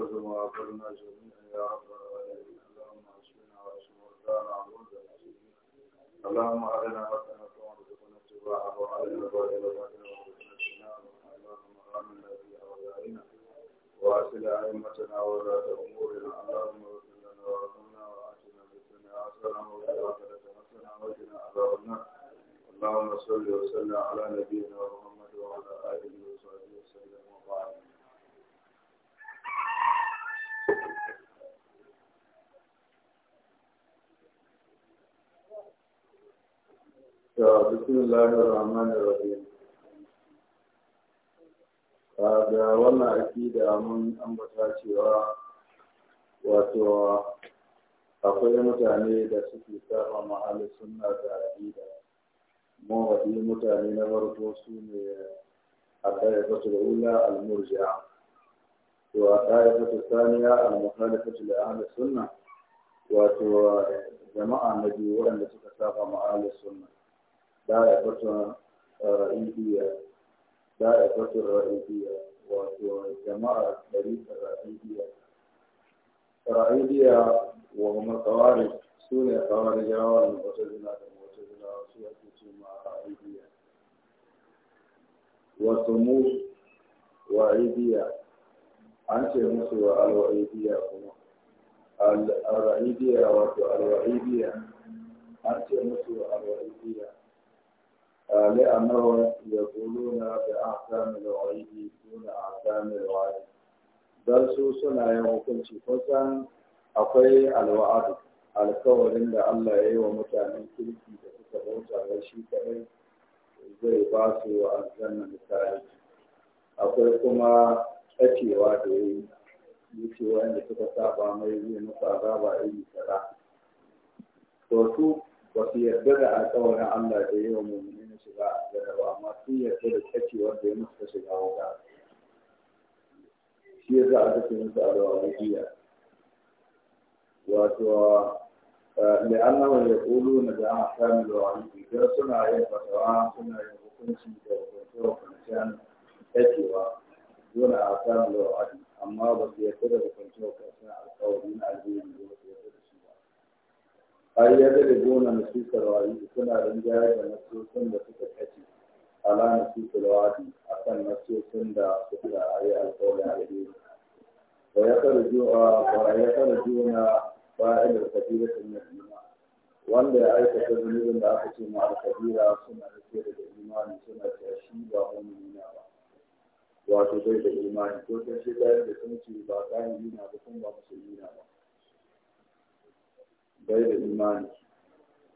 أنفسهم وأكلنا جميعا يا رب العالمين اللهم أشفنا وأشف مرضانا ومرضى المسلمين اللهم أرنا حسنة وارزقنا اتباعها وأرنا باطلا وارزقنا اجتنابها اللهم آمنا بها وأرنا وأصل أئمتنا وولاة أمورنا اللهم اغفر لنا وارحمنا وآتنا في الدنيا حسنة وفي الآخرة حسنة وقنا عذاب النار اللهم صل وسلم على نبينا محمد وعلى آله وصحبه وسلم وبارك بسم الله الرحمن الرحيم ga wannan akida mun ambata cewa wato akwai mutane da suke saba mahalin sunna da akida mawadi mutane na farko su ne a ɗaifatul ula al-murji'a to a ɗaifatul saniya al-mukhalifatul ahli wato jama'a na biyu waɗanda suka saba mahalin sunna دائرة رئيسية آه، دائرة رئيسية آه، وجماعة الشريف الرئيسية آه، رئيسية وهم الخوارج سورة خوارج والمعتزلة المعتزلة سورة ثم رئيسية وسموه وعيدية an ce musu wa alwa'idiyya kuma al'arra'idiyya wato alwa'idiyya an ce musu wa alwa'idiyya لأنه يقولون بأحكام الوعيد دون أحكام الوعيد don su suna yin hukunci kusan akwai alwa'ad alkawarin da Allah ya yi wa mutanen kirki da suka bauta ga kadai zai basu su wa akwai kuma tsakewa da ya yi yace wanda suka saba mai zai musu azaba iri kaza to su ba su da alkawarin Allah da ya yi wa mummuni ba da rawa masu yarda da kace wanda ya musu shiga wuta shi ya za a kace musu adawa da jiya wato eh, da Allah ya kulu na da hakami da wani da suna yin fatawa suna yin hukunci da hukuncin kancan kacewa dole a kan lo'adi amma ba su yarda da hukuncin kancan alƙawarin aljihun ai ya da gona na su sarwari suna rinjaye da nasosin da suka kace ala na su sarwari a kan nasosin da suka yi alƙawari a gare wa ya karju a wa ya karju na fa'il kabira min iman wanda ya aikata zunubin da aka ce ma al-kabira suna rike da imani suna cewa shi ba mu'mina ba wato bai da imani ko sai shi da sun ce ba kai na ba kuma ba musulmi na ba bai da imani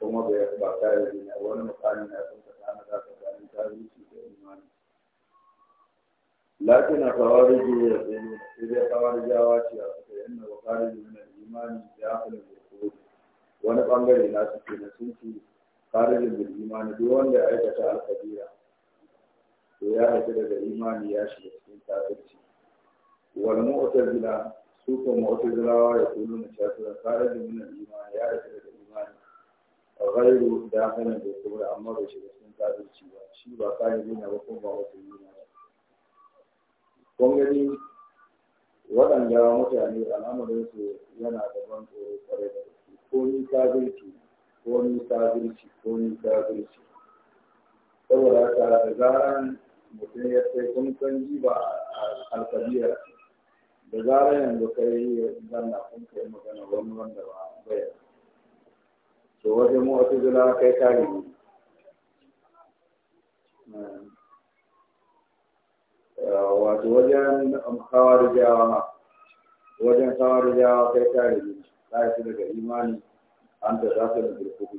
kuma bai ba ta yi ne wani mutane na sun kasa na za ka gani ta zuci da imani lakin a kawari ji ya tsaye ne sai dai kawari jawa ce a suka yi na wakari da yana imani da ya fi da kodi wani bangare na su ke na sun ci karin da imani duk wanda ya aikata alkabira to ya haifi daga imani ya shiga cikin kafirci wal mu'tazila su ko mu'tazilawa ya kulu na shafira kare da min imani ya isa daga imani a gairu da hannun da kuma amma shi shiga cikin kafirci ba shi ba kare ne ba kuma ba wata yi ba kun gani waɗanda mutane al'amarinsu yana da ban tsoro kwarai da gaske ko ni kafirci ko ni kafirci ko ni kafirci saboda haka da zaran mutum ya sai kun san ji ba alkabira da zarar yanzu kai yi zanna kun kai magana wani wanda ba bai to wajen mota zula kai tare eh, wato wajen kawar jawa wajen kawar jawa kai tare ta su daga imani an ta za su da birkuku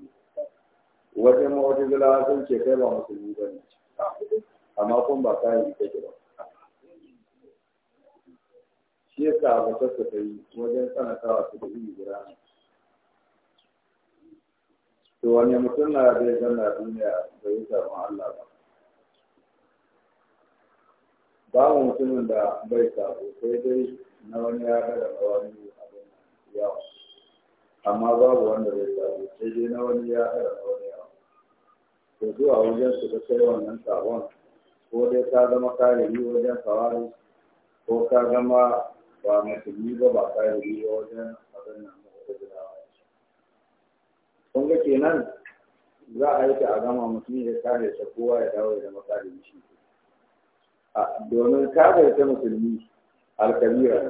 wajen mota zula sun ce kai ba musulmi ba ne amma kun ba kayan kake shi yasa abokan su ta yi wajen tsanantawa su da iri guda to wani mutum na zai zanna duniya da yi samun Allah ba babu mutumin da bai sabo sai dai na wani ya daga da wani abin yawa amma babu wanda bai sabo sai dai na wani ya daga da wani yawa to zuwa wajen su da kai wannan sabon ko dai ka zama kare wajen fawari ko ka zama ba musulmi ba ba kayari ba wajen abin nan da gudawa kun ga kenan za a yi ta a ya kare ta kowa ya dawo da makarin domin kare ta musulmi alkabira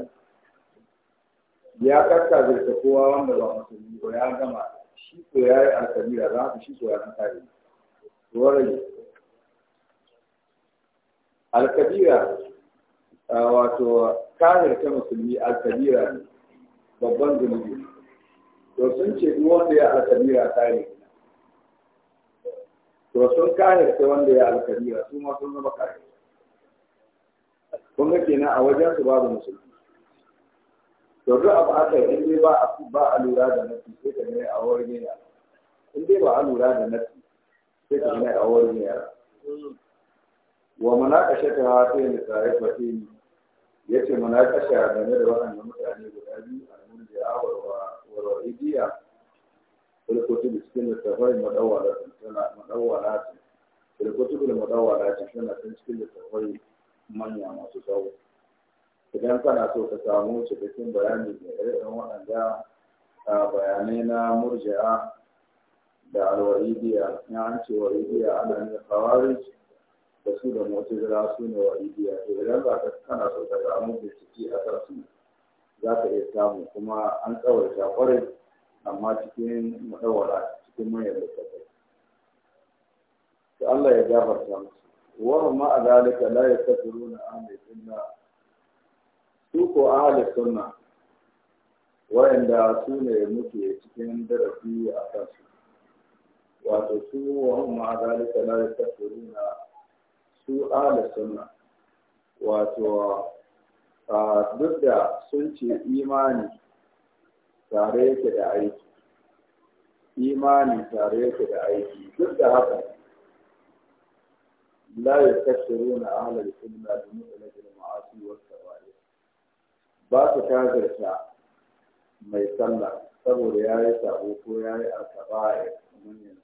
ne ya kakkazirta kowa wanda ba musulmi ba ya gama shi ya yi alkabira za ka shi ko ya wato kare ta musulmi alkabira ne babban zunubi to sun ce duk wanda ya alkabira kare to sun kare ta wanda ya alkabira su ma sun zama kare kun ga kenan a wajen su babu musulmi to duk abu aka yi in dai ba ba a lura da nafi sai ka ne a wurin yara in dai ba a lura da nafi sai ka ne a wurin yara wa manaka shaka ta yin da tare fatini ya ce muna kasha game da waɗannan mutane guda biyu a nan da ya warwa idiya kulkutu da cikin littafai madawala tana madawala ce kulkutu da madawala ce tana cikin cikin littafai manya masu tsawo idan kana so ka samu cikakken bayani da irin waɗanda bayanai na murji'a da alwaridiya ya an ce waridiya ana nuna kawarij da su da mutuzura su ne wa ibiya to idan za ka kana so ka samu bincike a kan su za ka iya samu kuma an tsawar kwarai amma cikin madawara cikin manyan littattafai to Allah ya gafarta musu wa ma a zalika la yastakbiruna an sunna su ko ahli sunna wa'anda su ne muke cikin darasi a kansu wato su wa ma a zalika la na? su ala sunna wato duk da sun ce imani tare yake da aiki imani tare yake da aiki duk da haka la na ala da sunna da mutlaqil ma'asi wa sawa'i ba su kagarta mai sallah saboda ya yi sabo ko ya yi yayi akaba'i mun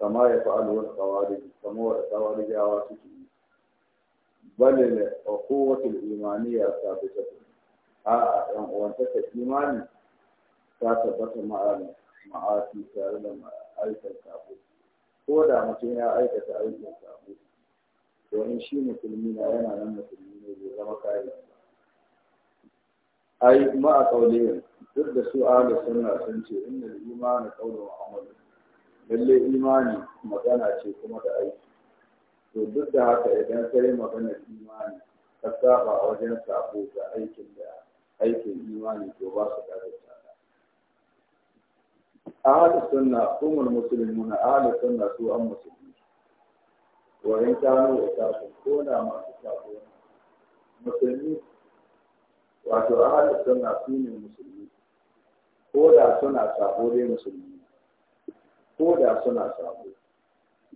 كما يفعل الخوارج كما الخوارج عواصفهم بل القوة الإيمانية ثابتة آه وأنت إيمان ثابتة مع معاتي كارلا مع أيضا كابوس هو دا متين يا أيضا أيضا كابوس وإن شين في المينا أنا لما في المينا اللي لما أي ما أقولين ضد سؤال السنة سنتي إن الإيمان قول وعمل lalle imani magana ce kuma da aiki to duk da haka idan ka yi magana imani ka saba wajen sabo ga aikin da aikin imani to ba su ta tsada ahlus sunna ummul muslimuna ahlus sunna su an musulmi wa in kanu ikafu ko na masu sabo musulmi wato ahlus sunna su ne musulmi ko da suna sabo dai musulmi ko da suna sabo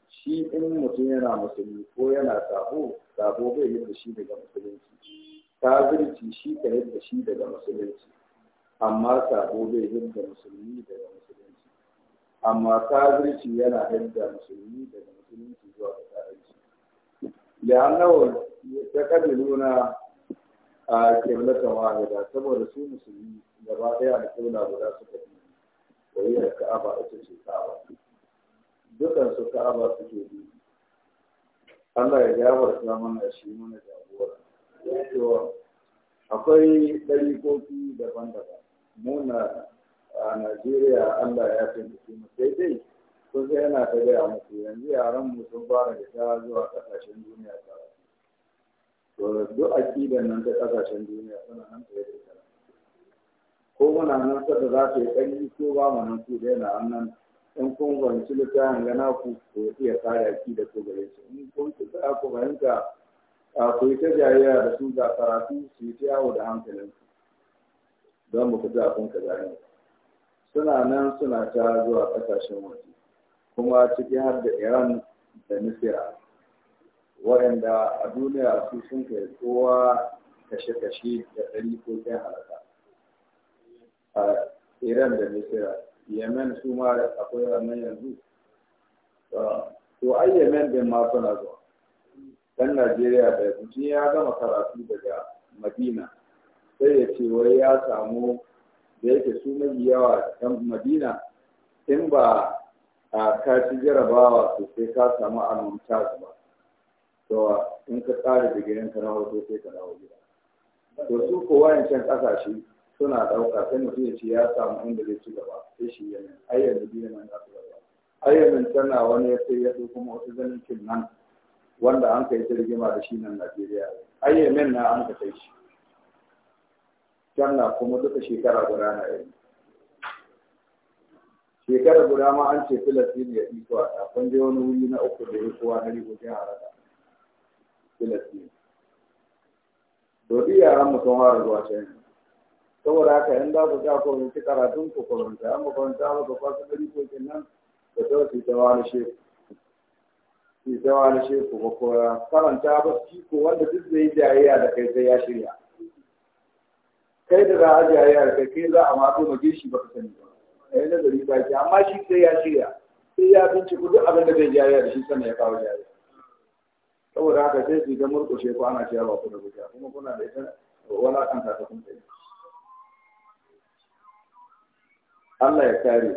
shi in mutum yana musulmi ko yana sabo sabo bai yi da shi daga musulunci kafirci shi ka yi da shi daga musulunci amma sabo bai yi da musulmi daga musulunci amma kafirci yana yi da musulmi daga musulunci zuwa ga kafirci li'annahu nuna a kiblatan wahida saboda su musulmi gaba daya a guda suka fi tsayiyar ka'aba ita ce ka'aba dukan su ka'aba suke bi Allah ya gafarta mana shi mana jagora to akwai ɗariƙoƙi daban-daban muna a Najeriya Allah ya taimake mu sai dai sun sai yana ta gaya musu yanzu yaran mu sun fara da ta zuwa ƙasashen duniya karatu to duk aƙidan nan ta ƙasashen duniya suna nan ta yadda ko muna nan sada za ta yi ƙarfi ko ba mu nan ku daina yana annan in kun wanci littafin gana ku ko iya kare ki da ku gare su in kun ci za ku fahimta ku yi ta jariya da su ga karatu su yi ta yawo da hankalin su. don mu fita kun ka gane suna nan suna ta zuwa ƙasashen waje kuma ciki har da iran da misira waɗanda a duniya su sun kai kowa kashe-kashe da ɗari ko kai halaka a iran da misira yemen su ma akwai ranar yanzu to ai yemen din ma suna zuwa dan najeriya da mutum ya gama karatu daga madina sai ya ce wai ya samu da yake su mai yawa dan madina in ba a ka ci jarabawa sai ka samu almamta ba to in ka tsara digirin ka na hoto sai ka dawo gida to su ko wayancan kasashe suna ɗauka sai mutum ya ce ya samu inda zai ci gaba sai shi yana ayyar da biyu nan za su gaba ayyar nan tana wani ya sai ya ɗauko kuma wasu zanen cin nan wanda an kai ta rigima da shi nan Najeriya ayyar min na an ka kai shi can na kuma duka shekara guda na yi shekara guda ma an ce filastin ya iko a kan je wani wuri na uku da ya kowa na rigo jin haraka Filistin. Dodi yaran mutum har zuwa can saboda haka in za ku ga ku karatun ku kuranta an makaranta ba ku fasa dari ko kenan da ta su ta wani shefu su ta wani shefu ba ku karanta ba su ko wanda duk zai jayayya da kai sai ya shirya kai da za a jayayya da kai kai za a mato mage shi ba ka sani ba yi nazari ba ke amma shi sai ya shirya sai ya binciko duk abin da zai jayayya da shi sannan ya kawo jayayya saboda haka sai su ta murƙushe ko ana cewa ba ku da kuma kuna da ita wala kanta ta kun tsaye Allah ya kare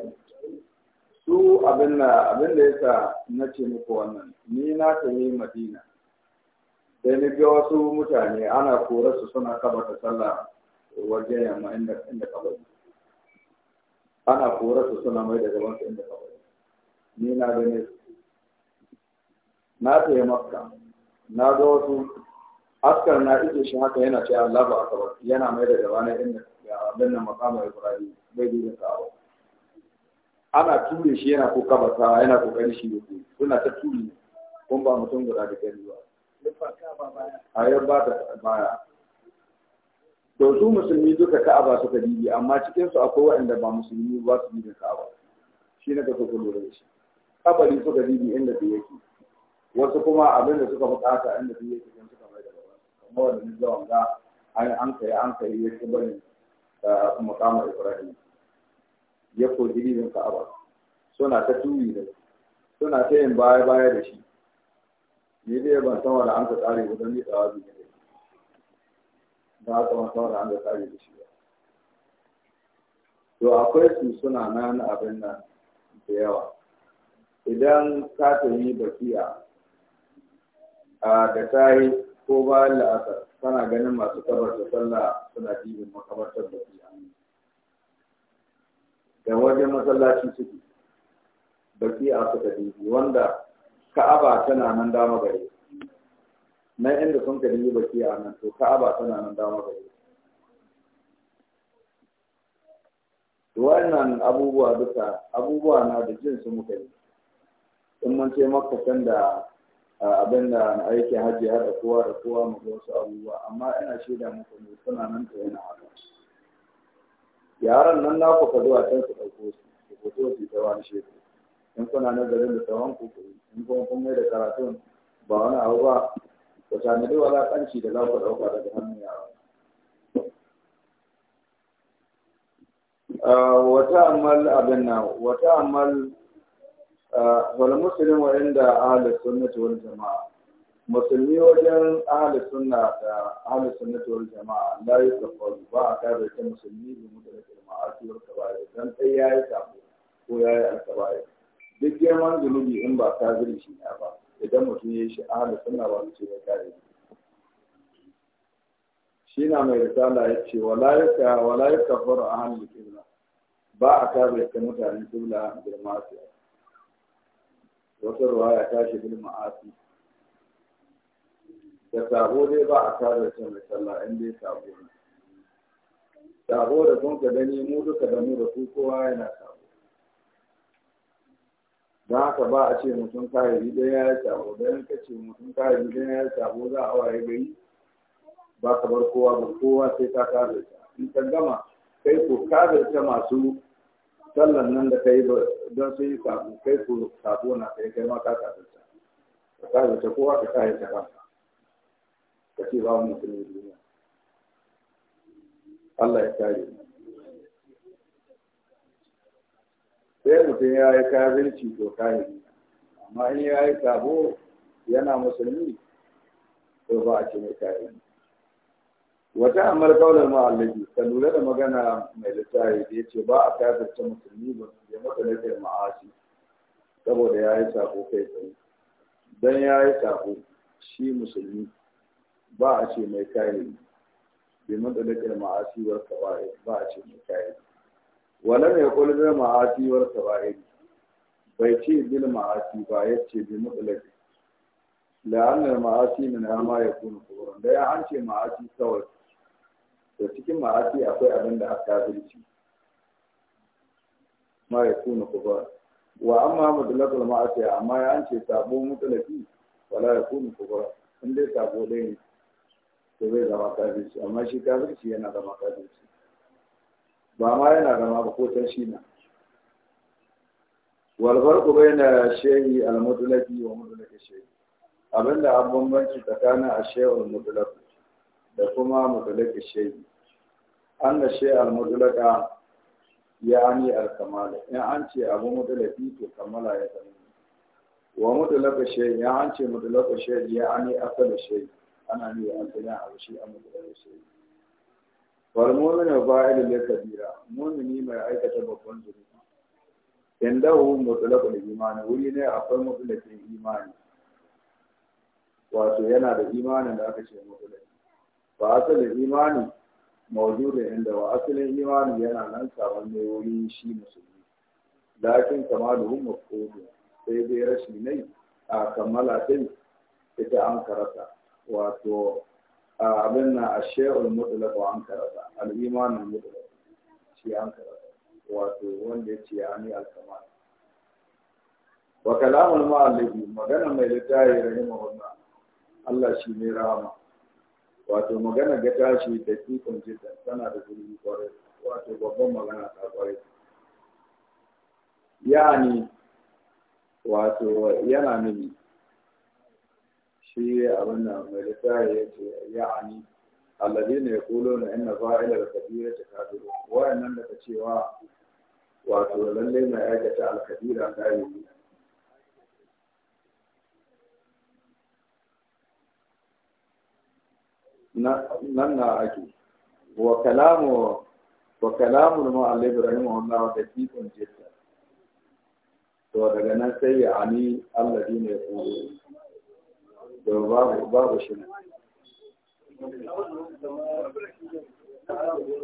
su abin da yasa na ce muku wannan ni na yi Madina sai ni ga wasu mutane ana kora su suna kabata sallah wajen yamma inda inda kabari ana kora su suna mai da gaban su inda kabari ni na gane na yi Makka na ga wasu askar na ije shi haka yana ce Allah ba akbar yana mai da gabana inda abin nan makamar Ibrahim bai duba ka'aba ana ture shi yana ko kabata yana ko kokari shi yake, kuna ta turi kun ba mutum guda da gari ba a yar ba ta baya da su musulmi duka ka'aba suka bibi amma cikin su akwai waɗanda ba musulmi ba su da ka'aba shi na kaso ku lura da shi kabari suka bibi inda su yake wasu kuma abin da suka bukata inda su yake kan suka mai da ba Kuma wanda ni zuwa ga an kai an kai yake barin eh, makamin ibrahim ya koji ribin ka'aba suna ta tuwi da suna ta yin baya baya da shi ne dai ban san wani an ka tsare ba don ni tsawa biyu ne ba haka ban san wani an ka tsare da shi ba to akwai su suna nan abin nan da yawa idan ka ta yi bakiya a da ta yi ko bayan la'asar kana ganin masu kabar da sallah suna dibin makabartar bakiya yan wajen masallaci suke baki a suka dubi wanda ka'aba tana nan dama gare na inda sun ka dubi baki a nan to ka'aba tana nan dama gare wannan abubuwa duka abubuwa na da jin su muka yi in mun ce maka san da abin da aiki hajji har da kowa da kowa mu wasu abubuwa amma ina shaida muku ne suna nan ta yana haka yaran nan na ku a can ku ɗauko su ku fito su ta wani shekaru in kuna nazarin da tsawon ku in kuma kun mai da karatun ba wani abu ba ku tanadi walakanci da za ku ɗauka daga hannun yaran ah, wata amal abin na wata amal ah, wal muslim wa inda ahlus sunnati wal jama'a musulmi wajen ahli suna da suna da wani jama'a la faru. ba a kare ta musulmi da mutane da ma'asi wal don ɗai ya yi samu ko ya yi alkaba'ir duk girman zunubi in ba zuri shi na ba idan mutum ya yi shi ahli suna ba mace ya kare shi na mai risala ya ce wala yaka faru a hannun kibla ba a kare ta mutane kibla da ma'asi wata ruwaya ta shi bil ma'asi da sabo dai ba a tare da mai sallah in dai sabo ne sabo da sun ka gani mu duka da mu da su kowa yana sabo da haka ba a ce mutum kayayyaki ɗaya ya yi sabo da in ka ce mutum kayayyaki ɗaya ya yi sabo za a waye gari ba ka bar kowa ba kowa sai ka kare ta in ka gama kai ko kare ta masu sallan nan da kai don sun yi sabo kai ko sabo na kai kai ma ka kare ta ka kare ta kowa ka kare ta ba ka ce ba mu musulmi duniya Allah ya kare sai mutum ya yi kafirci to kare amma in ya yi sabo yana musulmi to ba a ce mai kare wata amal kaular ma'allabi ka lura da magana mai littafi da ya ce ba a kafirce musulmi ba ya mata nufin ma'ashi saboda ya yi sabo kai tsaye don ya yi sabo shi musulmi ba a ce mai kayi bi matsalakar ma'asi war sabai ba a ce mai kayi wala mai kulbin ma'asi war sabai bai ce bil ma'asi ba ya ce bi matsalakar la'annar ma'asi min ma ya kuna kuburan da ya an ce ma'asi kawai to cikin ma'asi akwai abin da aka kafirci ma ya kuna kuburan wa amma mutlaqul ma'asi amma ya hance sabo mutlaqi wala ya kuna kuburan in dai sabo dai ne to zai zama kafirci amma shi kafirci yana zama kafirci ba ma yana zama ba ko ta shi na walbar ku bai na shehi almutulaki wa mutulaki shehi abinda an bambanci tsakanin a shehi mutulaki da kuma mutulaki shehi an da shehi almutulaka ya ani alkamala in an ce abu mutulaki to kammala ya zama wa mutulaka shehi ya an ce mutulaka shehi ya ani asalin shehi ana nuna a tsaya a wuce a mutu da wasu wal mu'minu fa'ilun lil kabira mu'mini mai aikata babban zunubi indahu mutlaqul imani wuri ne akwai mutlaqin imani wato yana da imanin da aka ce mutlaqi ba asalin imani mawjudu inda wa asalin imani yana nan sabon ne wuri shi musulmi lakin kamaluhum mafqudun sai dai rashi ne a kammala sai ita an karata wato abin na a shehun mutulaka an karata al'imanin mutulaka shi an karata wato wanda ya ce ani alkama wa kalamun ma'allabi magana mai littafi wannan. Allah shi ne rahama wato magana ga tashi da kikon jita tana da zurfi kwarai wato babban magana ta kwarai yani wato yana nuni shi abin da mai littafi ya ce ani allazi ne kulo na inna fa'ilar kabira ta kafiru wayannan da ka cewa wato lalle mai aikata alkabira kafiri nan na ake wa kalamu wa kalamu ma'allif wanda da kifin jita to daga nan sai ya ani allazi ne kulo da babu babu shi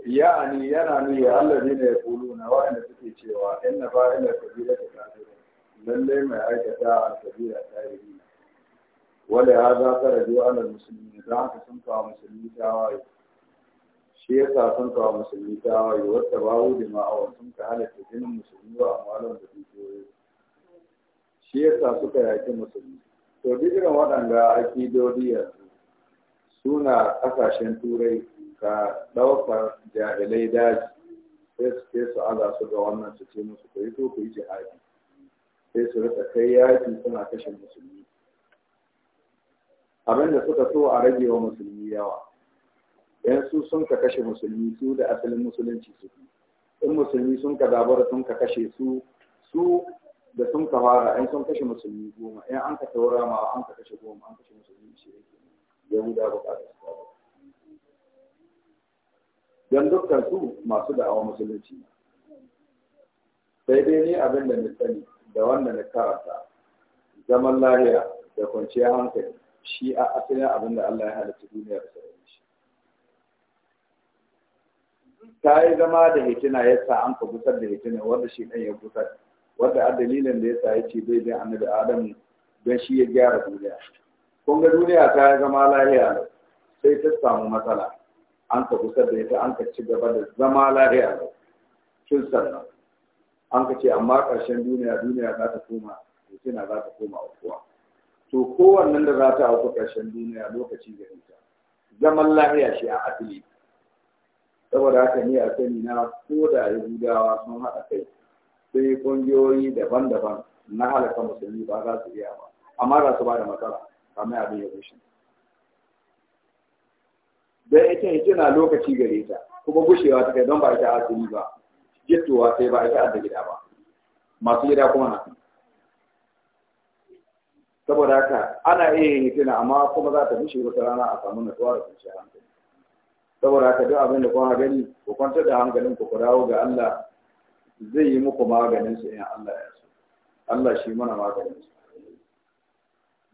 ya'ani yana ya Allah ne ya kulu na wa'anda suke cewa inna fa'ilar kabira ta kafira lalle mai aikata a kabila ta yi wanda ya za ka rajo alal musulmi don haka sun kawo musulmi tawaye shi ya sa sun kawo musulmi tawaye wata babu da a sun ka halatta jinin musulmi wa amalin da dukiyoyi shi ya sa suka yaki musulmi to duk irin waɗanda ake yanzu suna ƙasashen turai ka ɗaukar jahilai daji sai su ke su aza su ga wannan su ce musu ku yi to ku yi jihadi sai su rika kai yaƙi suna kashe musulmi abinda suka so a rage wa musulmi yawa yan su sun ka kashe musulmi su da asalin musulunci su in musulmi sun ka dabara sun ka kashe su su da sun ka fara in sun kashe musulmi goma in an ka taura ma an ka kashe goma an kashe musulmi ishirin yahuda da su ba don dukkan su masu da'awa musulunci ne sai dai ni abin da na sani da wanda na karanta zaman lahiya da kwanciyar hankali shi a asalin abin da Allah ya halitta duniya da sarari shi ta yi zama da hitina ya sa an ka gusar da hitina wanda shi ɗan ya gusar wanda a dalilin da yasa ce bai bin annabi adam don shi ya gyara duniya kun ga duniya ta zama lahiya sai ta samu matsala an ka kusa da ita an ka ci gaba da zama lahiya tun sannan an ka ce amma ƙarshen duniya duniya za ta koma kina za ta koma ukuwa. to kowannen da za ta auku ƙarshen duniya lokaci ga ita zaman lahiya shi a asali saboda haka ne a sani na ko da yahudawa sun haɗa kai sai kungiyoyi daban-daban na halaka musulmi ba za su iya ba amma za su ba da matsala kamar abin ya bushe. don ita ita na lokaci gare ta kuma gushewa ta kai don ba ita asiri ba jittowa sai ba ita adda gida ba masu gida kuma na saboda haka ana iya yin hitina amma kuma za ta gushe wata rana a samu natsuwa da kwanciyar hankali saboda haka duk abin da kuma gani ku kwantar da hankalin ku ku dawo ga Allah zai yi muku maganin su in Allah ya so Allah shi mana maganin su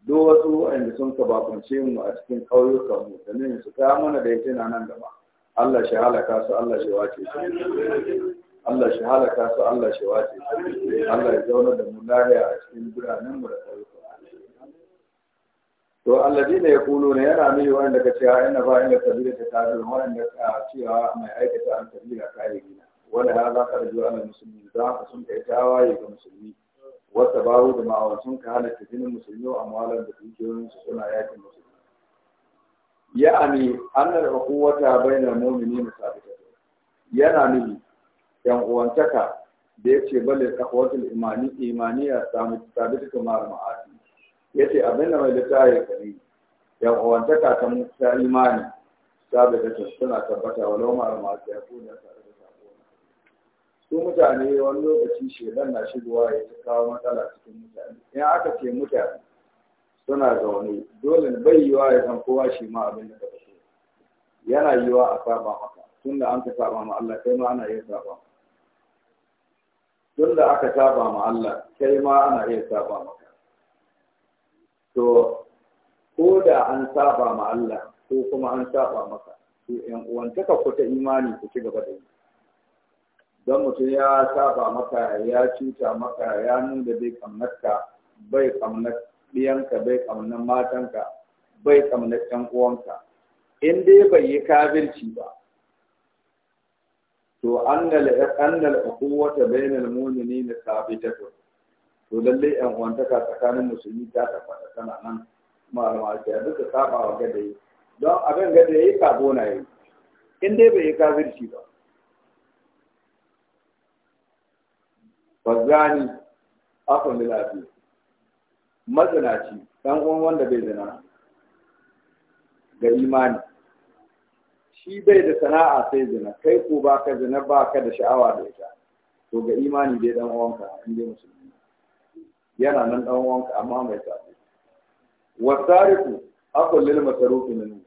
duk wasu waɗanda sun ka bakunce mu a cikin ƙauyukan mu da nan su kaya mana da yake nan gaba Allah shi halaka su Allah shi wace su Allah shi halaka su Allah shi wace su Allah ya zauna da mu lahiya a cikin biranen mu da ƙauyukan to ya kulo ne, yana mai wanda ka ina ba ina kabira ta kafir wanda ka cewa mai aikata an ka yi gina wanda ya za ka rajo ana musulmi za haka sun kai tawaye ga musulmi wata baro da ma'awa sun ka halatta jinin musulmi a malar da dukiyoyin su suna yakin musulmi ya'ani an da hukuwata bainar mu'mini na sabita yana nufi yan uwantaka da ya ce balle kafawatul imani imaniya sabita kamar ma'asi ya ce abin da mai littafi kare yan uwantaka ta imani da sabita suna tabbata walau ma'ar ma'asi ya kuna sabita su mutane wani lokaci shedan na shigowa ya kawo matsala cikin mutane in aka ce mutane suna zaune dole bai yiwa ya san kowa shi ma abin da ka so yana yiwa a saba maka tunda an ka saba ma Allah kai ma ana iya saba tunda aka saba ma Allah kai ma ana iya saba maka to ko da an saba ma Allah ko kuma an saba maka to uwan uwantaka ku ta imani ku ci gaba da yi don mutum ya saba maka ya cuta maka ya nuna bai kamnarka bai kamnat ɗiyanka bai kamnar matanka bai kamnat ɗan uwanka in dai bai yi kabirci ba to annal annal quwwata bainal mu'minina sabitatu to lalle ɗan uwantaka tsakanin musulmi ta tabbata tana nan malama ce duka saba wa gadayi don abin gadayi kabo na yi in dai bai yi kabirci ba fazzani akon lilafi matsanaci ɗan uwan wanda bai zina ga imani shi bai da sana'a sai zina kai ko ba ka zina ba ka da sha'awa da ita to ga imani dai uwan uwanka in dai musulmi yana nan uwan uwanka amma mai tsafi wasariku akon lil masarufi min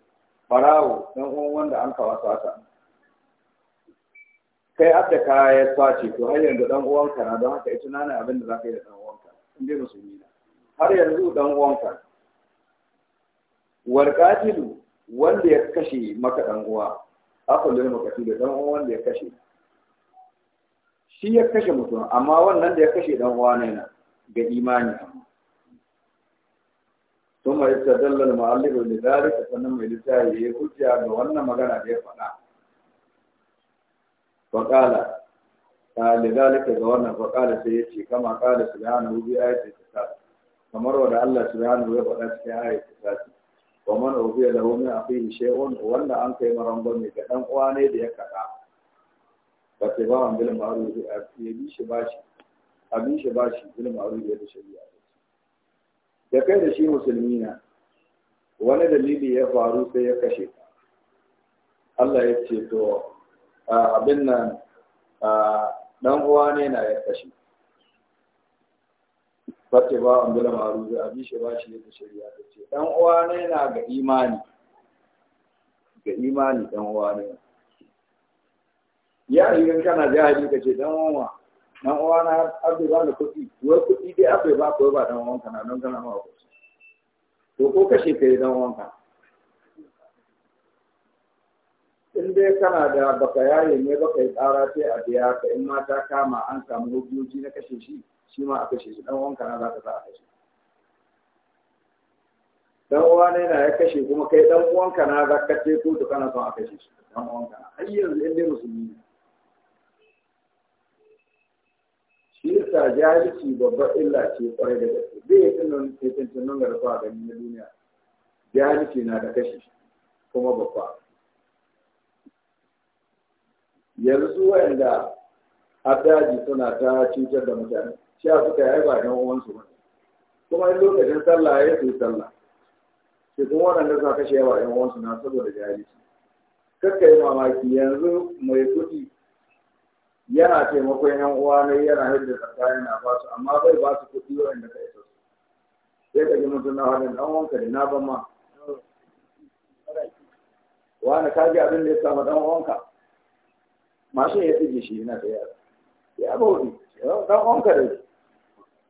farawo ɗan uwan wanda an kawasa sata kai abda ka ya sace to har yanzu dan uwanka na don haka ita nana abin da za ka yi da dan uwanka in dai musulmi na har yanzu dan uwanka warqatilu wanda ya kashe maka dan uwa akulul makatilu dan uwan wanda ya kashe shi ya kashe mutum amma wannan da ya kashe dan uwa ne na ga imani ثم يتدلل المؤلف لذلك فنم لسائه يقول ga wannan magana da ya faɗa faƙala ta lizalika ga wannan faƙala sai ya ce kama ƙala subhanahu bi ayati kitab kamar wanda Allah su subhanahu ya faɗa cikin ayati kitab wa man ubiya lahu min akhihi shay'un wanda an kai maramban ne ga dan uwa ne da ya kaɗa ba ta ba an bil ma'ruf ya bi shi bashi abin shi bashi bil ma'ruf ya shari'a ya kai da shi musulmi na wani dalili ya faru sai ya kashe Allah ya ce to abin nan dan uwa ne na ya kashe wace ba an bila maru da abin shi ba shi ne da shirya ta ce dan uwa ne na ga imani ga imani dan uwa ne ya yi kana jahili ka ce dan uwa dan uwa na abu ba da kuɗi wai kuɗi dai abu ba kuwa ba dan uwan kana don kana ma kuɗi to ko kashe ka dan uwan ka in dai kana da baka yaye ne baka yi tsara sai a biya ka in ma ta kama an samu hujjoji na kashe shi shi ma a kashe shi dan wanka kana za ka sa a kashe dan uwa ne na ya kashe kuma kai dan uwanka kana za ka ce ko kana son a kashe shi dan uwanka na har yanzu in dai musulmi ne shi yasa jahilci babbar illa ce kwarai da gaske zai yi tunan tunan ga da fa gani na duniya jahilci na da kashe kuma babba yanzu wanda daji suna ta cutar da mutane sha suka yi ba ɗan uwansu ba kuma in lokacin sallah ya su sallah sai kuma waɗanda sa kashe yawa ɗan uwansu na saboda jahilci kakka yi mamaki yanzu mai kuɗi yana taimakon yan uwa ne yana hidda zakka na ba su amma bai ba su kuɗi wanda ka isa su sai ka ji mutum na wajen ɗan uwanka ne na ban ma wani ka ji abin da ya samu ɗan uwanka masu ya tsige shi na da yara ya ba wuri dan on kare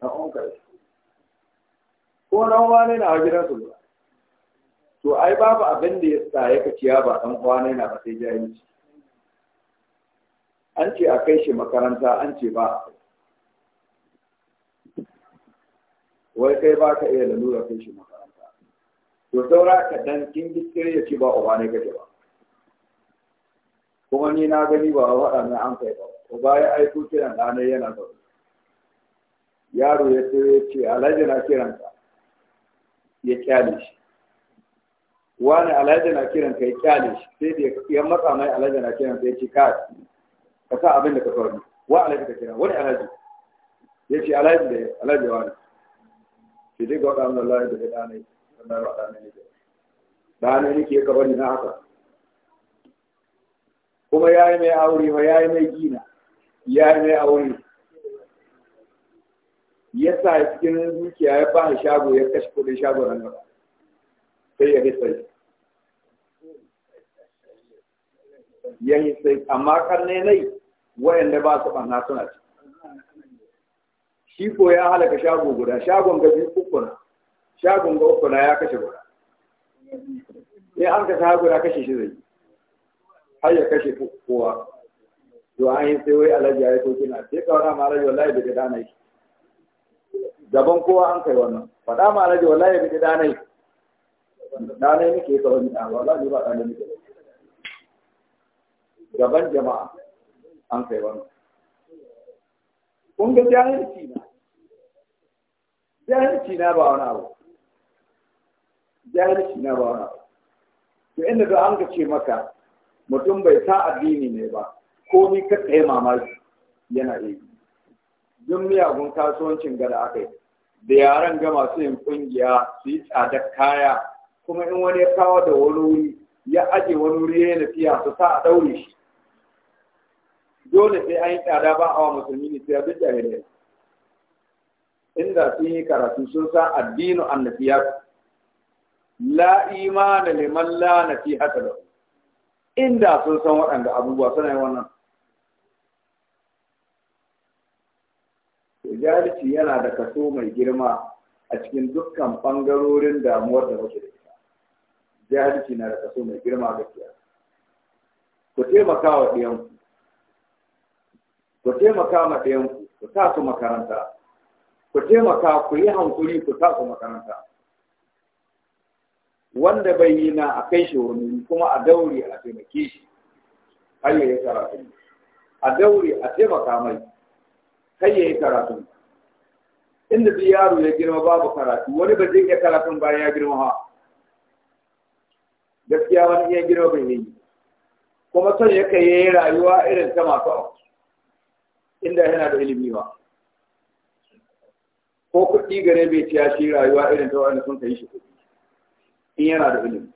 da on kare ko dan wani na gidan su ba to ai babu abin da ya sa ya ka ciya ba dan wani na ba sai jahilci an ce a kai shi makaranta an ce ba wai kai ba ka iya lalura kai shi makaranta to saura ka dan kin giskire ya ce ba uba ne kake ba kuma ni na gani ba a faɗa na an kai ba baya bayan aiko kiran ranar yana zaune yaro ya ya ce alhaji na kiran ka ya kyale shi wani alhaji na kiran ka ya kyale shi sai da ya matsa mai alhaji na kiran ka ya ce ka ka sa abin da ka faru wa alhaji ka kira wani alhaji ya ce alhaji da alhaji wani sai dai ga waɗannan lalai da ɗanai ɗanai ɗanai ne ke kabari na haka kuma ya yi mai aure ba ya yi mai gina ya yi mai aure ya sa cikin dukiya ya ba shago ya kashe kudin shago nan gaba sai ya risa sai ya yi sai amma karne nai wayanda ba su ɓanna suna ci shi ko ya halaka shago guda shagon ga biyu uku na shagon ga uku na ya kashe guda sai an ka shago ya kashe shi zai har ya kashe kowa to an yi sai wai alhaji ya yi ko kina sai ka wani maraji wallahi bai gida nai gaban kowa an kai wannan faɗa maraji wallahi bai gida nai ɗanai nake ka wani ɗan wallahi ba ɗanai nake gaban jama'a an kai wannan kun ga jahilci na jahilci na ba wani abu jahilci na ba wani abu to inda ka an ka ce maka mutum bai sa addini ne ba komi ka tsaye mamaki yana yi duk miyagun kasuwancin gada aka yi da yaran ga masu yin kungiya su yi tsadar kaya kuma in wani ya kawo da wani wuri ya aje wani wuri ya nafiya su sa a ɗaure shi dole sai an yi tsada ba a wa musulmi ne sai duk jahilai inda sun yi karatu sun sa addinu annafiya la imana liman la haka lahu inda sun san waɗanda abubuwa suna yi wannan jahilci yana da kaso mai girma a cikin dukkan ɓangarorin damuwar da muke da ita jahilci na da kaso mai girma gaskiya ku taimaka wa ɗiyanku ku taimaka ma ɗiyanku ku sa su makaranta ku taimaka ku yi hankuri ku sa su makaranta wanda bai yi na a kai shi kuma a daure a taimake shi har ya yi karatu a daure a taimaka mai kai ya yi karatu inda zai yaro ya girma babu karatu wani ba zai iya karatun bayan ya girma ha gaskiya wani iya girma bai yi kuma son ya kai yayi rayuwa irin ta masu abu inda yana da ilimi ba ko kuɗi gare bai ciya shi rayuwa irin ta wani sun kai shi kuɗi in yana da ilimi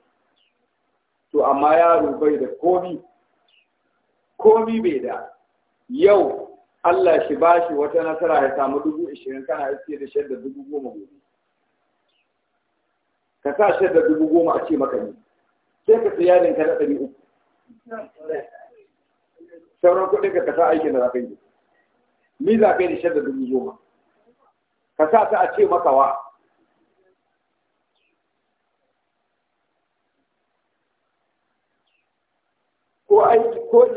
to amma yaro bai da komi komi bai da yau Allah shi ba shi wata nasara ya samu dubu ishirin kana iske da shaidar dubu goma gobe ka sa shaidar dubu goma a ce maka ne sai ka siya ka na ɗari uku sauran kuɗin ka sa aikin da za yi ni za ka yi da shaidar dubu goma ka sa ta a ce maka wa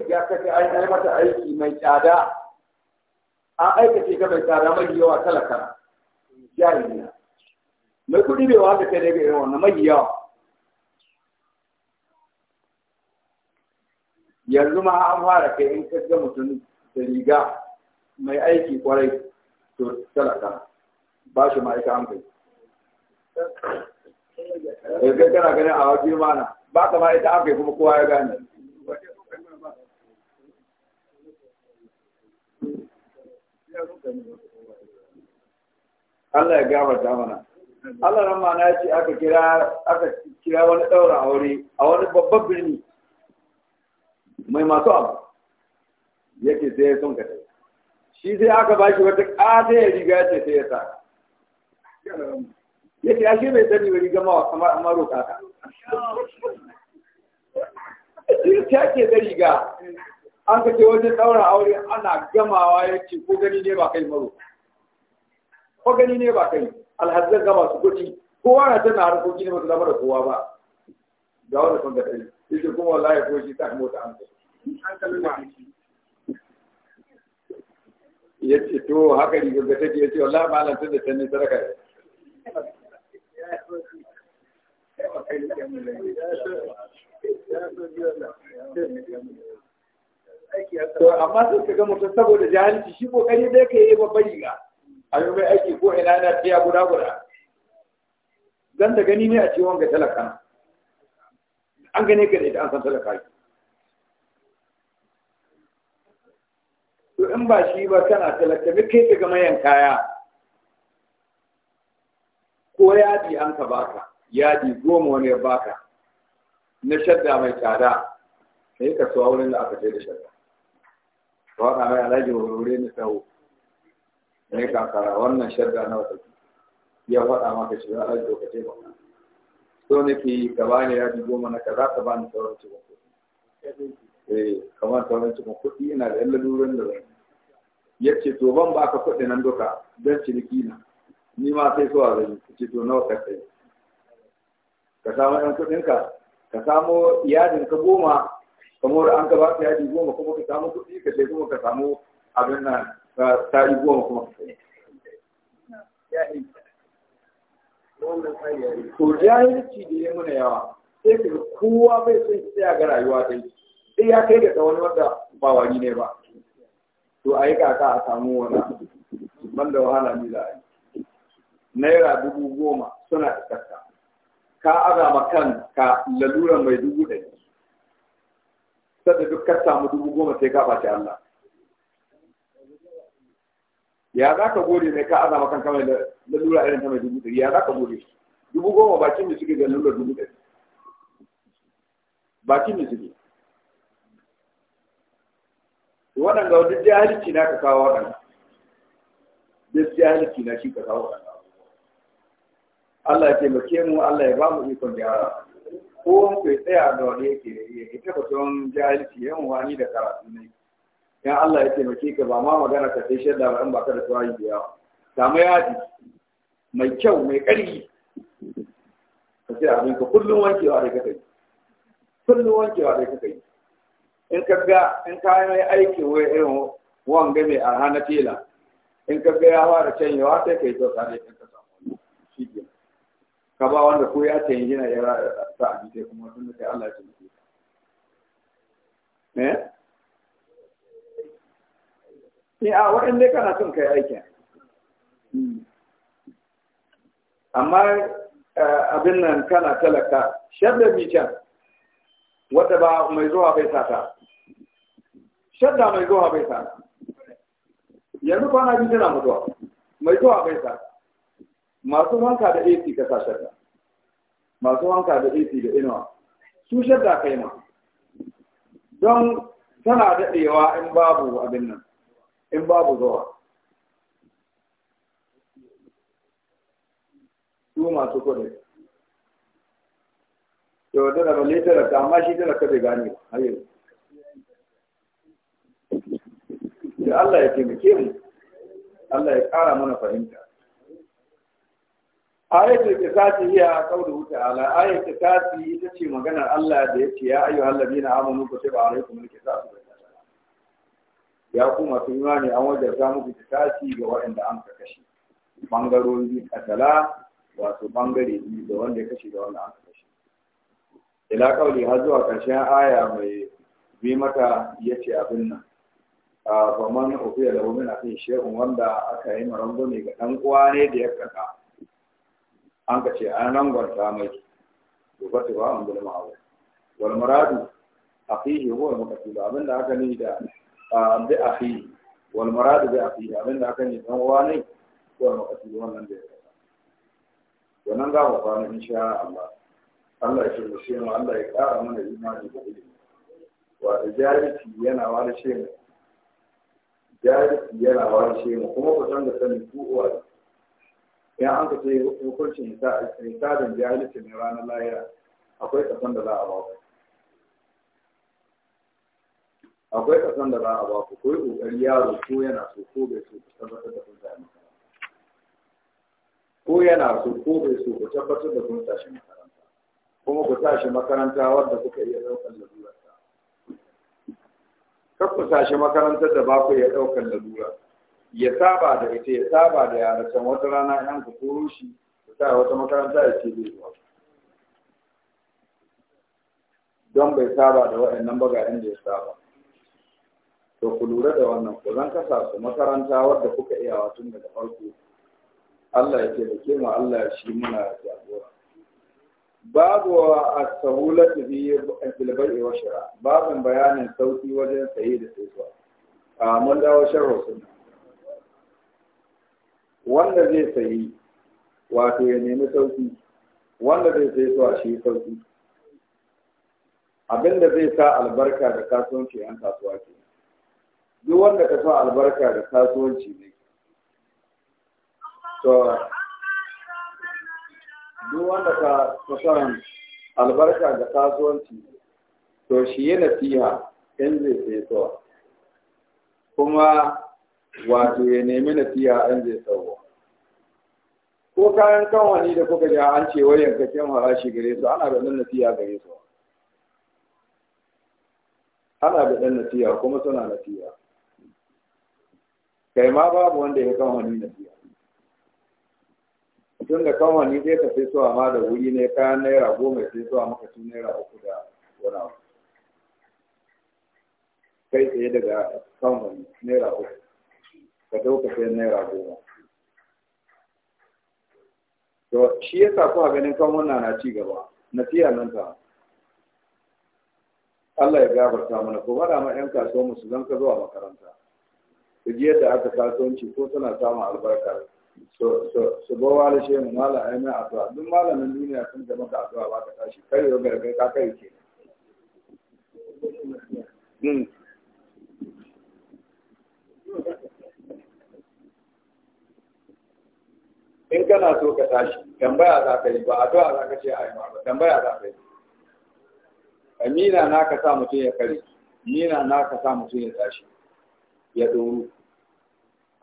ya kace ai ai mata aiki mai tsada an aikace ga mai tsada mai yawa talaka jahiliya mai kudi bai wa kai da irin wannan mai yawa yanzu ma an fara kai in kaga mutum da riga mai aiki kwarai to talaka ba shi ma'aika amfani. bai kai kana ganin a wajen mana ba ka ma ita amfani kuma kowa ya gane Allah ya gafarta mana Allah nan ma na ce aka kira aka kira wani daura aure a wani babban birni mai masu abu yake sai ya son ka tafi. shi sai aka ba shi wata ƙata ya riga ce sai ya sa yake ashe bai sani ba riga mawa kamar amma roƙa ta ta ce ta riga an ka ce wajen ɗaura aure ana gamawa ya ce ko gani ne ba kai maro ko gani ne ba kai alhazzar gama su kuɗi kowa na tana harkoki ne ba su zama da kowa ba ga wani sun ga ɗari kuma wallahi ko shi ta mota an kai ya ce to haka rigar gaggata take ya ce wallahi malam tun da sanin sadaka ne to amma sai ka ga mutum saboda jahilci shi kokari dai ka yi babban riga a yi mai aiki ko ina na tiya guda guda zan da gani ne a ce wanga talaka an gane ka da ita an san talaka to in ba shi ba kana talaka me kai daga mayan kaya ko yadi an ka baka yadi goma wani ya baka na shadda mai tsada ka yi kasuwa wurin da aka ce da shadda ka faɗa mai alhaji wurwure ni tsawo ne kakara wannan shirga na wata ya faɗa maka shi za a zo ka taimaka so ke yi ne ya ji goma na ka za ka bani sauran cikin kuɗi eh kamar sauran cikin kuɗi ina da yan laluran da zan ya ce to ban ba ka kuɗi nan duka don ciniki na ni ma sai so a zai ce to nawa ka sai ka samu yan kuɗinka ka samu yadin ka goma kamar an gaba ta yaji goma kuma ka samu kuɗi ka je kuma ka samu abin nan ta yi goma kuma ka sani. To jahilci da ya muna yawa sai ka kowa bai son tsaya ga rayuwa dai sai ya kai ga wani wanda ba wani ne ba. To a yi kaka a samu wani ban da wahala ne za a yi. Naira dubu goma suna da. Ka azama kan ka lalura mai dubu ɗari. sadda duk ka samu dubu goma sai ka bace Allah ya za ka gode mai ka azama kan kamar da lura irin ta mai dubu ɗari ya za ka gode dubu goma bakin da suke da lura dubu ɗari bakin da suke waɗanda wani jahilci na ka kawo waɗanda duk jahilci na shi ka kawo waɗanda Allah ya taimake mu Allah ya ba mu ikon gyara ko ke tsaya da wani yake ya ita batun jahilci yan wani da karatu ne in Allah ya taimake ka ba ma magana ka sai shaida ba in ba ka da tawayi da yawa samu yadi mai kyau mai ƙarfi ka sai abin ka kullum wankewa da kake kullum wankewa da kake in ka ga in ka yi aikin wai irin wanga mai arha na tela in ka ga ya fara canyewa sai ka yi kyauta da ka samu shi ka ba wanda ko ya ta yana ya sa a jike kuma sun da kai Allah ya ce muku eh ne eh, a wa'in dai kana son kai aikin amma eh, abin nan kana talaka shadda mican wadda ba mai zuwa bai sata shadda mai zuwa bai sata yanzu kwana biyu tana mutuwa mai zuwa bai sata masu wanka da AC ka sa shadda masu wanka da AC da inuwa su shadda kai ma don tana daɗewa in babu abin nan in babu zuwa su masu kudi to da ba ne talaka amma shi talaka bai gane har yau da Allah ya taimake mu Allah ya ƙara mana fahimta ayatul kisasi hiya qawluhu ta'ala ayatul kisasi ita ce maganar Allah da yace ya ayu halabina amanu kutiba alaykumul kisasu ya ku masu imani an wajarta muku kisasi ga waɗanda an ka kashe bangarori biyu katala wato bangare biyu da wanda ya kashe da wanda an ka kashe ila kauli har zuwa ƙarshen aya mai bi mata yace abin nan a faman ofiya da wani na fi shehun wanda aka yi marangoni ga ɗan uwa ne da ya kaka an ka ce an rangwarta mai gobe ta ba an bil ma'ruf a muradu akhihi huwa al ba abinda aka ne da bi akhihi wal muradu bi a akhihi abinda aka ne don uwa ne huwa al-maqtul wannan da ya kasa wannan za mu in sha Allah Allah ya shi mu Allah ya kara mana imani da ilimi wato jariki yana wani ne jariki yana wani ne kuma ku san da sani ku uwa ya an ka ce hukuncin hisabin jahilci ne ranar lahira akwai kasan da za a baku akwai kasan da za a baku ko yi kokari yaro ko yana so ko bai so ku tabbatar da kunta shi makaranta ko yana so ko bai so ku tabbatar da kunta shi makaranta kuma ku tashi makaranta wadda kuka iya ɗaukar ta kar ku shi makarantar da ba ku iya ɗaukar ta ya saba da ita ya saba da can wata rana yan ku turo shi ya sa wata makaranta ya ce zai zuwa don bai saba da waɗannan bagayen da ya saba to ku lura da wannan ku zan kasa su makaranta wadda kuka iya wasu daga farko Allah ya da kima Allah ya shi muna jagora babu a sahulatu bi bilbai wa shara babin bayanin sauki wajen saye da saisuwa a mun dawo sharhu sunna wanda zai sayi wato ya nemi sauki wanda zai sayi to a shi sauki abinda zai sa albarka da kasuwanci yan kasuwa ke duk wanda ka sa albarka da kasuwanci ne to duk wanda ka sa albarka da kasuwanci to shi yi nasiha in zai sayi to kuma wato ya nemi nasiha in zai sauwa ko kayan kawani da kuka ja an ce wai yankakken harashi gare su ana da nasiya gare su ana da nan nasiya kuma suna nasiya kai ma babu wanda ya wani nasiya tun da kanwani zai ka fito amma ma da wuri ne kayan naira goma sai suwa maka su naira uku da wani abu kai tsaye daga wani naira uku ka dauka sai naira goma to shi yasa ku ganin kan wannan na ci gaba na tiya nan ta Allah ya gafarta mana ko faɗa ma 'yan kasuwa musu zan ka zuwa makaranta su ji yadda aka kasuwanci ko suna samun albarka su ba wala shi mu wala ai mai addu'a duk malamin duniya sun da maka addu'a ba ka tashi kai yau gargai ka kai ke hmm. in kana so ka tashi tambaya za ka yi ba a addu'a za ka ce a yi ba tambaya za ka yi amina na ka sa mutum ya kare Amina na ka sa mutum ya tashi ya doro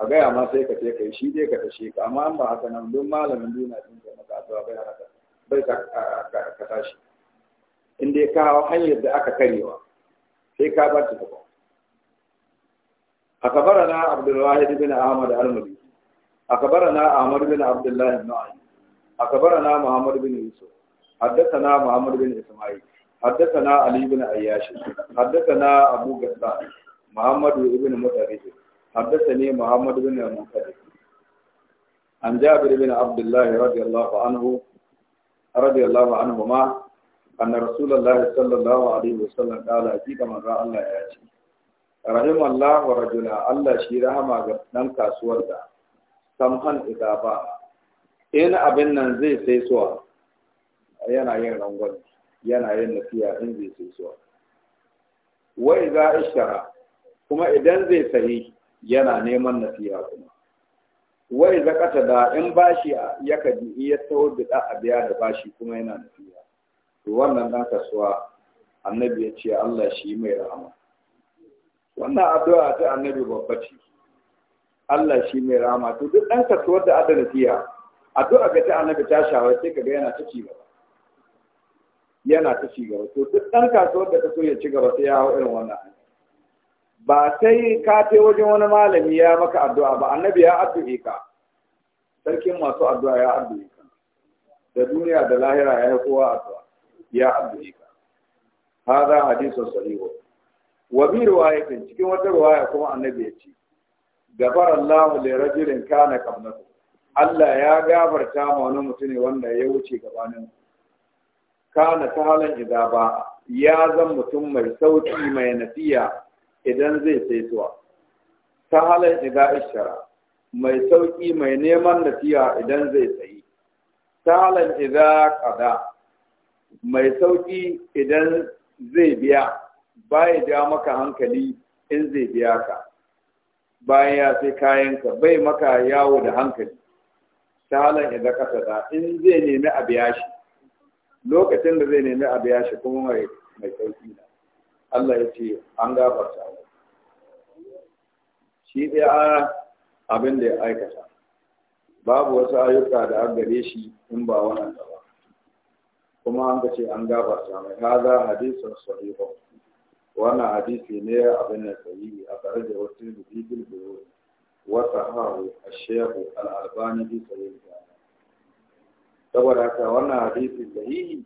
a gaya ma sai ka ce yi shi dai ka tashi ka amma an ba haka nan don malamin duniya din ka maka addu'a bai haka bai ka tashi in dai ka hawa hanyar da aka karewa sai ka bar ta gaba أخبرنا عبد الواحد بن al المدي أخبرنا أحمد بن عبد الله بن علي أخبرنا محمد بن يوسف حدثنا محمد بن إسماعيل حدثنا علي بن عياش حدثنا أبو غسان محمد بن مطرف حدثني محمد بن مطرف عن جابر بن عبد الله رضي الله عنه رضي الله عنهما أن رسول الله صلى الله عليه وسلم قال أجيب من رأى الله يأتي رحم الله ورجلا الله شي رحمه نم كاسور ده samhan ba. in abin nan zai sai suwa yana yin rangon yana yin nasiya in zai sai suwa wa idza ishara. kuma idan zai sayi yana neman nasiya kuma wa kata da in bashi ya kaji ya tawo da a biya da bashi kuma yana nasiya to wannan dan kasuwa annabi ya ce Allah shi mai rahama wannan addu'a ta annabi babba ce Allah shi mai rama to duk dan kasuwar da adana fiya addu'a ga ta annabi ta shawar sai kaga yana ta ci gaba yana ta ci gaba to duk dan kasuwar da ka so ya ci gaba sai ya hau irin wannan ba sai ka je wajen wani malami ya maka addu'a ba annabi ya addu'e ka sarkin masu addu'a ya addu'e ka da duniya da lahira ya yi kowa addu'a ya addu'e ka hada hadisun sahihu wa bi riwayatin cikin wata riwaya kuma annabi ya ce gafara Allah li rajulin kana qablaku Allah ya gafarta ma wani mutum wanda ya wuce gabanin kana ta halan idaba ya zan mutum mai sauki mai nasiya idan zai saituwa ta halin idza ishara mai sauki mai neman nasiya idan zai sayi ta halin idza qada mai sauki idan zai biya baya ja maka hankali in zai biya ka bayan ya sai kayanka bai maka yawo da hankali ta halan idan ka da in zai nemi a biya shi lokacin da zai nemi a biya shi kuma mai mai sauki na Allah ya ce an gafarta shi ɗaya abin da ya aikata babu wasu ayyuka da an gare shi in ba wannan ba kuma an ka ce an gafarta mai haza hadisin sahihun wannan hadisi ne abin da sahihi a tare da wasu bibil biro wata hawo a shehu al'albani bi da saboda haka wannan hadisi sahihi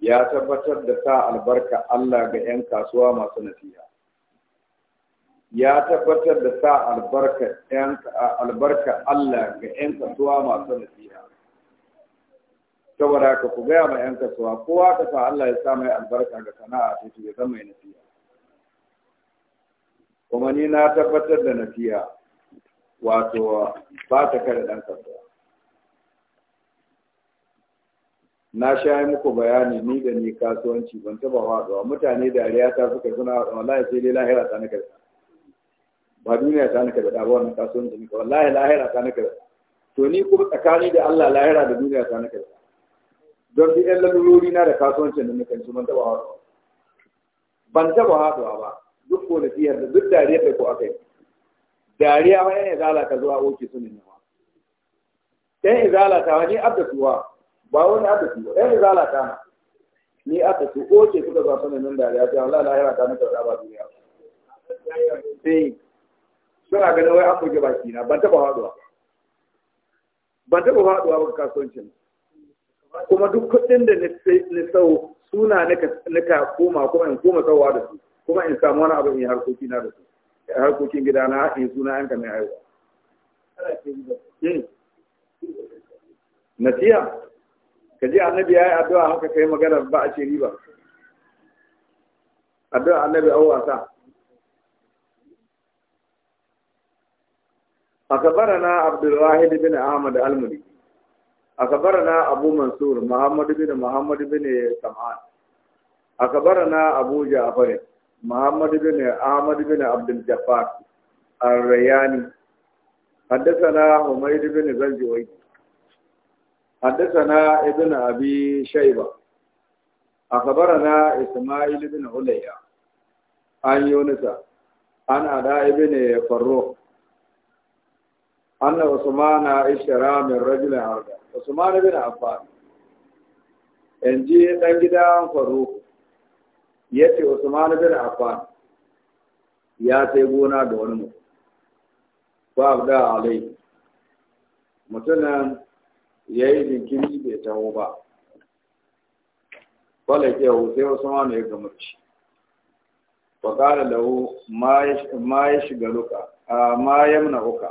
ya tabbatar da sa albarka Allah ga 'yan kasuwa masu nasiha ya tabbatar da sa albarka Allah ga 'yan kasuwa masu nasiha saboda ka ku gaya ma 'yan kasuwa kowa ka sa Allah ya sa mai albarka ga sana'a ta ya zama mai nafiya. kuma ni na tabbatar da nafiya wato ba ta kare ɗan kasuwa na sha yi muku bayani ni da ni kasuwanci ban taba faɗuwa mutane da dariya ta suka suna wallahi sai dai lahira ta naka ba duniya ta naka da ba wannan kasuwanci ne wallahi lahira ta naka to ni kuma tsakani da Allah lahira da duniya ta naka da don su yan lalurori na da kasuwancin da nake su ban taba haɗuwa ban taba haɗuwa ba duk ko da siyar da duk dariya kai ko yi dariya ma yan izala ka zuwa oke su ne nawa yan izala ta wani abda suwa ba wani abda suwa yan izala ta na ni abda su oke suka zuwa ne nan dariya ta Allah yana ta na ta ba duniya sai suna ganin wai an buge baki na ban taba haɗuwa ban taba haɗuwa ba kasuwancin kuma duk kuɗin da na sau suna nika koma kuma in koma sauwa da su kuma in samu wani abu in yi harkoki na da su harkokin gida na in suna yan kamar aiwa hmm. nasiya ka ji annabi ya yi addu'a haka kai magana ba a ce riba addu'a annabi an wasa أخبرنا عبد الواحد بن أحمد المدي أخبرنا أبو منصور محمد بن محمد بن سمعان أخبرنا أبو جعفر محمد بن أحمد بن عبد الجبار الرياني حدثنا حميد بن زنجوي حدثنا ابن أبي شيبة أخبرنا إسماعيل بن عليا عن يونس عن أداء بن فروخ أن عثمان اشترى من رجل عرضا Usman bin Affan in ji ɗan gidan faru ya ce Usman bin Affan ya sai gona da wani mutum ba da alai mutumin ya yi jinkiri bai taho ba kwallon ke sai Usman ya gamarci faƙaɗa da ma ya shiga luka ma ya muna uka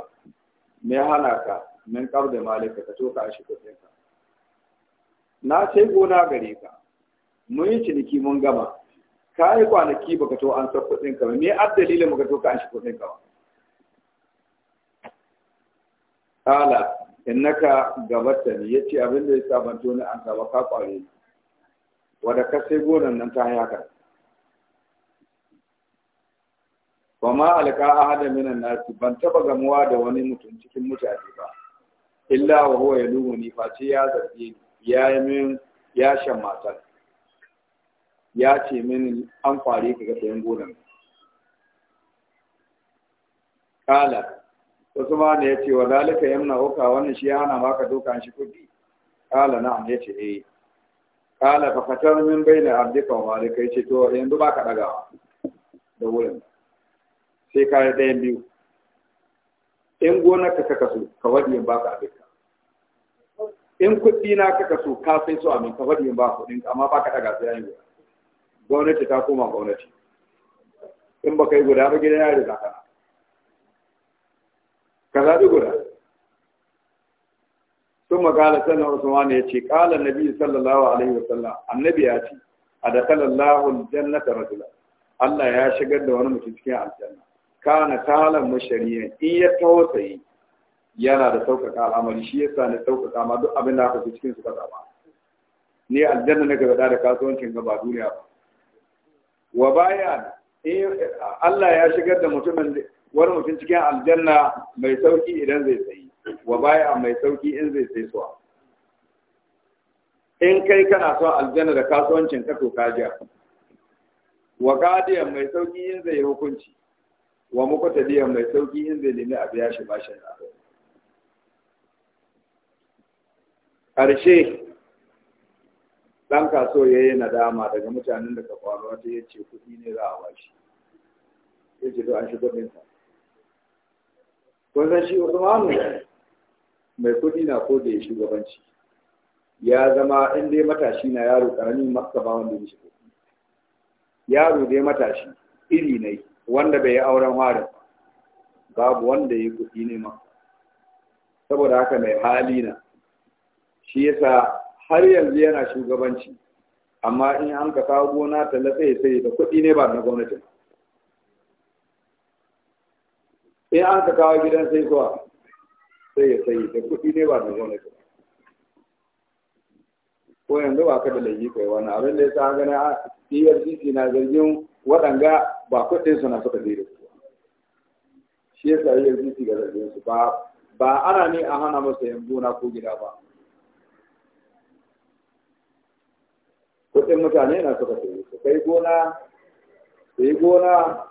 me hana ka min qabda malika ka toka a shigudin ka na sai gona gare ka mun yi ciniki mun gama ka yi kwanaki baka to an sa kuɗin ka me ad dalilin ka to ka an shi kuɗin ka kala innaka gabatta ne ya ce abin da ya sa ban toni an saba ka kware ni wadda ka sai gonan nan ta yi haka ba ma alka ahada minan nasi ban taba gamuwa da wani mutum cikin mutane ba illa wa huwa yalumuni face ya zarge ni ya yi min ya shan matar ya ce min an kware ka ga sayan gonan kala Usman ya ce wa dalika yamna uka wannan shi ya hana maka dokan shi kudi kala na'am ya ce eh kala fa fatar min baina abdika wa malika ya ce to yanzu baka dagawa da wurin sai ka yi ɗayan biyu in gonar ka kaka so ka wadi in baka abin ka in kuɗi na kaka so ka sai so amin ka wadi in baka kuɗin amma baka daga sai an yi gwamnati ta koma gwamnati in baka yi guda ba gidan yari za ka ka zaɓi guda sun makala sannan wani ya ce na nabi sallallahu alaihi wasallam annabi ya ce a da kalallahu ta rajula Allah ya shigar da wani mutum cikin aljanna kana kala mashariyan in ya tausayi yana da sauƙaƙa al'amari shi yasa ne sauƙaƙa ma duk abin da aka fi cikin su ka zaba ne aljanna na gaba da kasuwancin gaba duniya ba wa bayan eh, Allah ya shigar da mutumin wani mutum cikin aljanna mai sauki idan zai sayi, wa baya mai sauki in zai sai suwa in kai kana son aljanna da kasuwancin ka to kajiya wa gadiyan mai sauki in zai hukunci wa muqtadiyan mai sauki in zai nemi a biya shi bashin da Ƙarshe, ɗan kaso ya yi nadama daga mutanen da kafaruwa ta ya ce kuɗi ne za a bashi ya ce to an shi kuɗinsa kun san shi usmanu mai kuɗi na ko da ya shugabanci ya zama in dai matashi na yaro ƙaramin maka ba wanda ya shi kuɗi yaro dai matashi iri na yi wanda bai yi auren ware babu wanda ya kuɗi ne ma saboda haka mai hali na shi yasa har yanzu yana shugabanci amma in an ka kawo gona ta ya sai da kuɗi ne ba na gwamnatin in an ka kawo gidan sai zuwa sai ya sai da kuɗi ne ba na gwamnatin ko yanzu ba ka da laifi kai wani abin da ya sa gani a efcc na zargin waɗanga ba kuɗin na suka daidai su shi yasa yi e yanzu ga zargin su ba ba ana ne a hana masa yanzu gona ko gida ba kuɗin mutane na suka daidai su kai gona sai gona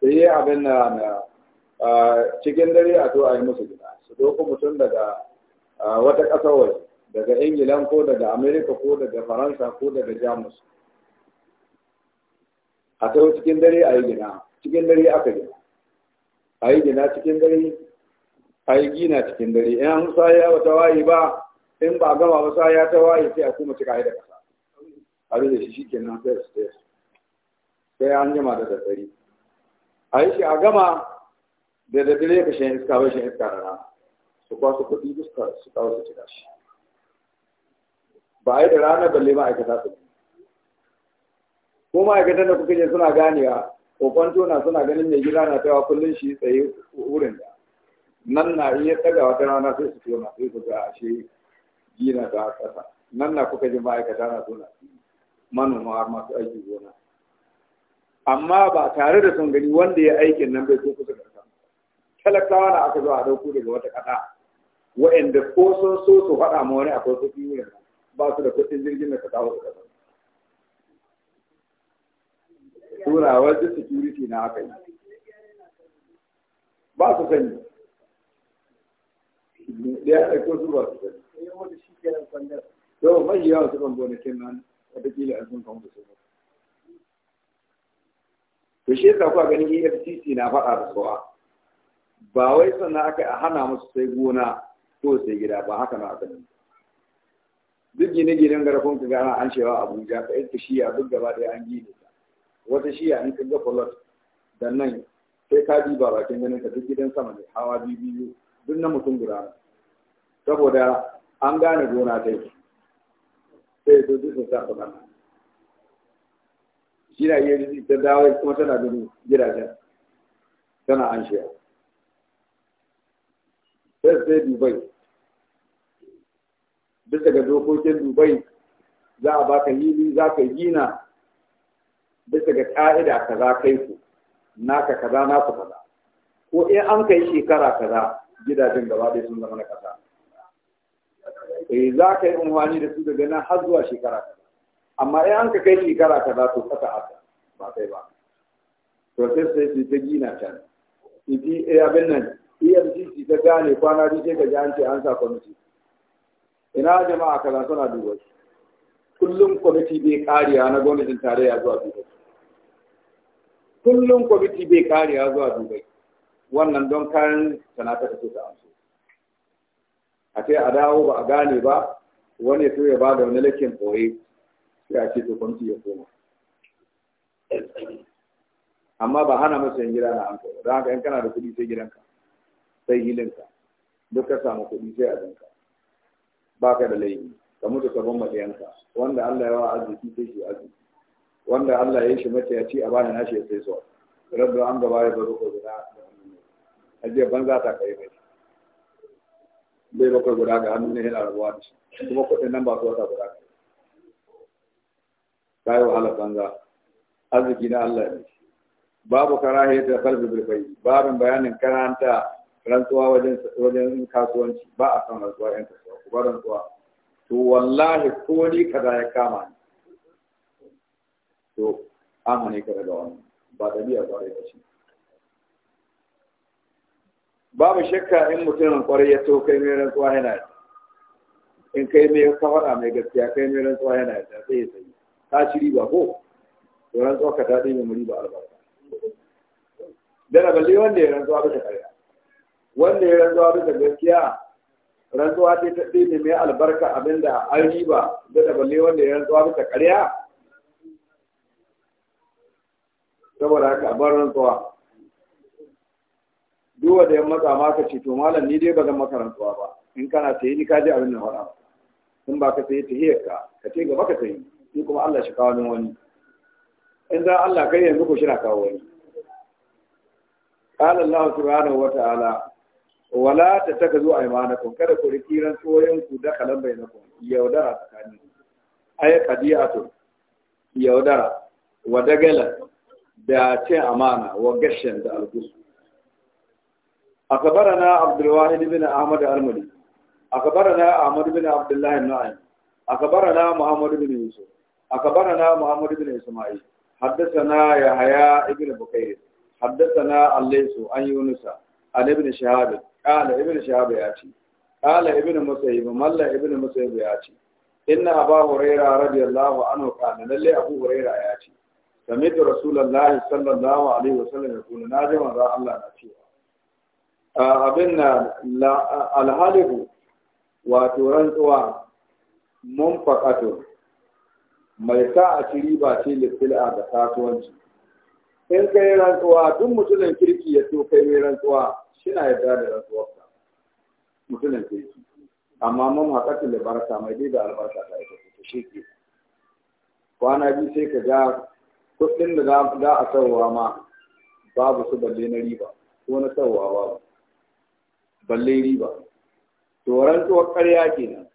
sai abin na na cikin dare a zo a yi musu gida su doko mutum daga wata ƙasar waje daga ingilan ko daga amerika ko daga faransa ko daga jamus a sau cikin dare a yi gina cikin dare aka gina a yi gina cikin dare a yi gina cikin dare in an saya ba wata waye ba in ba gama ba ya ta waye sai a kuma cika da kasa abin da shi shi ke nan sai su sai an jima da daddare a yi shi a gama da daddare ka shan iska bai shan iska da rana su kwasu kuɗi su kawo su cika shi ba a yi da rana balle aikata su ne ko ma'aikatan da kuka je suna ganewa kwanto na suna ganin mai gida na tawa kullum shi tsaye wurin da nan na iya tsaga wata rana sai su tona sai su ga ashe gina ta kasa nan na kuka ji ma'aikata na suna manoma masu aiki gona amma ba tare da sun gani wanda ya aikin nan bai so kusa da kan talakawa na aka zo a dauko daga wata kasa wa'anda ko sun so su faɗa ma wani akwai kuɗi wurin ba su da kuɗin jirgin da ta kawo da kasa turawar da security na aka yi ba su sani ɗaya ko su ba su sani to mai yawa su kan gonakin nan ila an sun kan su to shi yasa kuwa ganin efcc na faɗa da suwa ba wai sannan aka hana musu sai gona ko sai gida ba haka na aka duk gine-ginen garafon ka gana an cewa abuja ka yi shi a duk gaba ɗaya an gine wata shiya in ka ga falot da nan sai ka ba bakin ganin ka duk gidan sama ne hawa biyu duk na mutum guda saboda an gane gona ta yi sai su duk sa ta shi na iya jiki ta dawo kuma tana gudu gidajen tana an shiya sai sai dubai bisa ga dokokin dubai za a baka hili za ka gina bisa ga ƙa'ida kaza kai ku naka kaza ka kaza ko in an kai shekara kaza gidajen gaba ɗaya sun zama na kasa. eh za ka yi unwani da su daga nan har zuwa shekara kaza amma in an ka kai shekara kaza to kasa aka ba kai ba process sai su ta gina can ifi eh abin nan EFCC ta gane kwana ka ji jihar ce an sa kwamiti ina jama'a kaza suna duba kullum kwamiti bai kariya na gwamnatin tarayya zuwa duba kullum kwamiti bai kare ya zuwa dubai wannan don kayan sanata da ta amsu a ce a dawo ba a gane ba wani ya ya ba da wani lakin koye sai a ce to kwamiti ya koma amma ba hana masa yin gida na an don haka yan kana da kuɗi sai gidanka sai hilinka duk ka samu kuɗi sai abinka ba ka da laifi ka mutu ka ban maɗiyanka wanda Allah ya wa arziki sai shi arziki wanda Allah ya yi shi mace ya ci a bani nashi ya sai zuwa rabu an gaba ya baro ko guda aje banza ta kai mai bai bakwai guda ga hannu ne yana rabuwa da shi kuma kuɗin nan ba su wata guda Ta yi wahala banza arziki na Allah ne babu karahiyar kalbi bil bai babin bayanin karanta rantsuwa wajen wajen kasuwanci ba a san rantsuwa yan kasuwa ku ba rantsuwa to wallahi ko ni kaza ya kama ni to an hane ka daga wani ba biya ƙwarai ba ce babu shakka in mutumin kwarai ya to kai mai rantsuwa yana yi in kai mai ka faɗa mai gaskiya kai mai rantsuwa yana yi ta sai ya sayi ka ci riba ko to rantsuwa ka ta ɗaya mai riba albarka dana balle wanda ya rantsuwa bisa ƙarya wanda ya rantsuwa bisa gaskiya rantsuwa ce ta ɗaya mai albarka abinda an riba dana balle wanda ya rantsuwa bisa ƙarya saboda haka a bar rantsuwa duk wanda ya matsa ma ka ce to malam ni dai ba zan maka rantsuwa ba in kana ta yi ni ka abin da faɗa in ba ka ta yi ta hiyar ka ka ce gaba ka ta yi ni kuma Allah shi kawo min wani in za Allah kai yanzu ko shi na kawo wani قال rana wa ta'ala wala ta taka zuwa imanakum kada ku riki rantsoyin ku da kalan bainakum yaudara tsakanin ay qadiyatu yaudara wa dagala da ce amana wa gashin da A alkus akabarana abdulwahid ibn ahmad almadi akabarana ahmad ibn abdullah an'ay akabarana muhammad ibn yusuf A kabara akabarana muhammad ibn isma'il Haddasa haddathana yahya ibn Haddasa na allaysu an yi yunus an ibn shahab qala ibn shahab yati qala ibn musayyib malla ibn musayyib ce. inna aba hurayra radiyallahu anhu qala lalli abu hurayra yati game da rasulullahi sallallahu alaihi wasallam ya kuna na ji manzo Allah na cewa abin na alhalihu wato rantsuwa mun faƙato mai sa a ciri ba ce lissila ga kasuwanci in kai rantsuwa duk mutumin kirki ya so kai mai rantsuwa shina yadda da rantsuwar ka mutumin kirki amma mun haƙatin da barka mai dai da albarka ta ita ta shi ke kwana biyu sai ka ja. kuɗin da za a sarwa ma babu su balle na riba ko na sarwa babu balle riba to rantsuwar ƙarya nan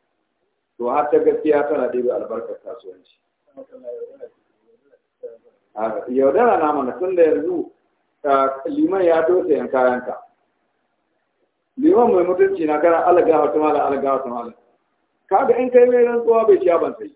to har ta gaskiya tana ɗebe albarkar kasuwanci yaudara na mana tun da yanzu liman ya dosa yan kayanka liman mai mutunci na kana alaga wata alagawa alaga wata mala kaga in kai mai rantsuwa bai ciya ban sai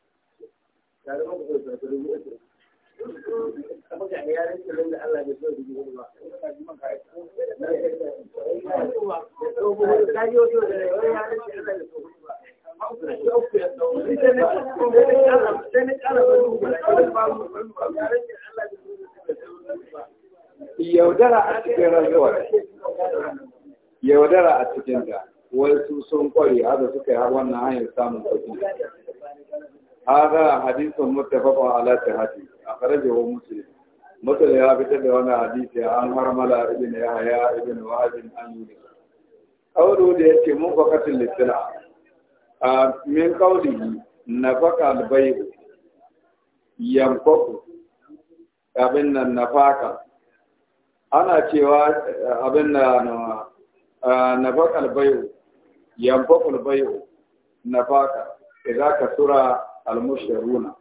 yaudara a cikin rantsuwar yaudara a cikin wasu wai su sun kwari har da suka yi har wannan hanyar samun kuɗi هذا حديث متفق على صحته اخرجه مسلم مثل يا بيت ده وانا حديث عن هرمل ابن يحيى ابن وهب ان يونس قوله ده يتي فقط للسلع من قوله نفق البيع ينفق abin nan nafaka ana cewa abin nan nafakal bayu yanfakul bayu nafaka idan ka sura almushruna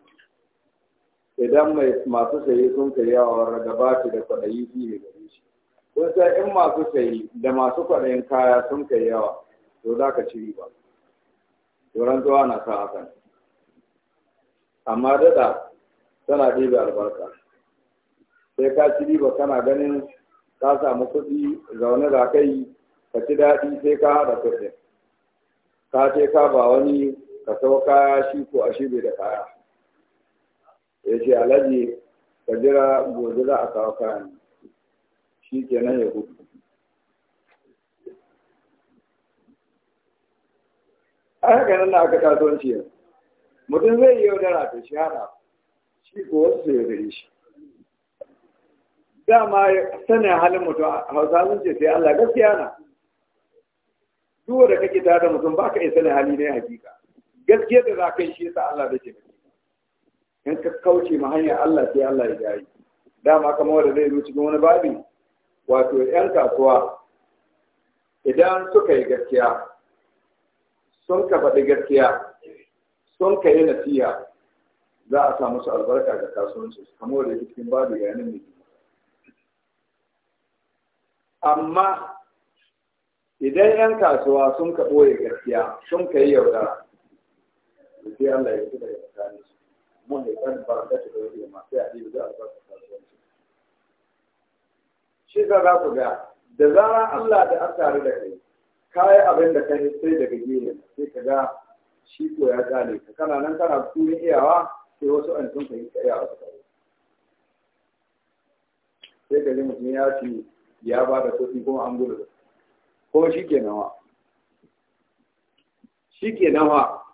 idan mai masu sa'i sun kai yawa ta da kwadayi fi ne gare shi kun san in masu sa'i da masu kwadayin kaya sun kai yawa to za ka ci riba doron zuwa na sa hakan amma dada tana ɗebe albarka sai ka ci riba kana ganin ka samu kuɗi zaune da kai ka ci daɗi sai ka haɗa kuɗin ka ce ka ba wani ka sau kaya shi ko shi bai da kaya ya ce alhaji ka jira gobe za a kawo kayan shi ke nan ya gudu a haka nan na aka kasuwanci yanzu mutum zai yi yaudara ta shi shi ko wasu su gari shi dama sanin halin mutum hausa sun ce sai Allah gaskiya na duwa da kake tare da mutum ba ka yi sanin hali ne hakika gaskiya da za ka yi shi yasa Allah da ke in ka kauce ma hanyar Allah sai Allah ya gari dama kamar wanda zai zo cikin wani babi wato yan kasuwa idan suka yi gaskiya sun ka faɗi gaskiya sun ka yi nasiha za a samu su albarka ga kasuwanci kamar da cikin babu yanin ne amma idan 'yan kasuwa sun ka ɓoye gaskiya sun ka yi yaudara da sai Allah ya kuma ya tsakanin su mun da kan baraka ta da wani masu yaɗi da za a ba su kasuwanci shi za za ku ga da zarar Allah da an tare da kai ka yi abin da ka yi sai daga gehen sai ka ga shi ko ya gane ka kana nan kana kurin iyawa sai wasu an sun fahimta iyawa su kare sai ka ji mutum ya ce ya ba da kuɗi kuma an gudu kuma shi ke nawa shi ke nawa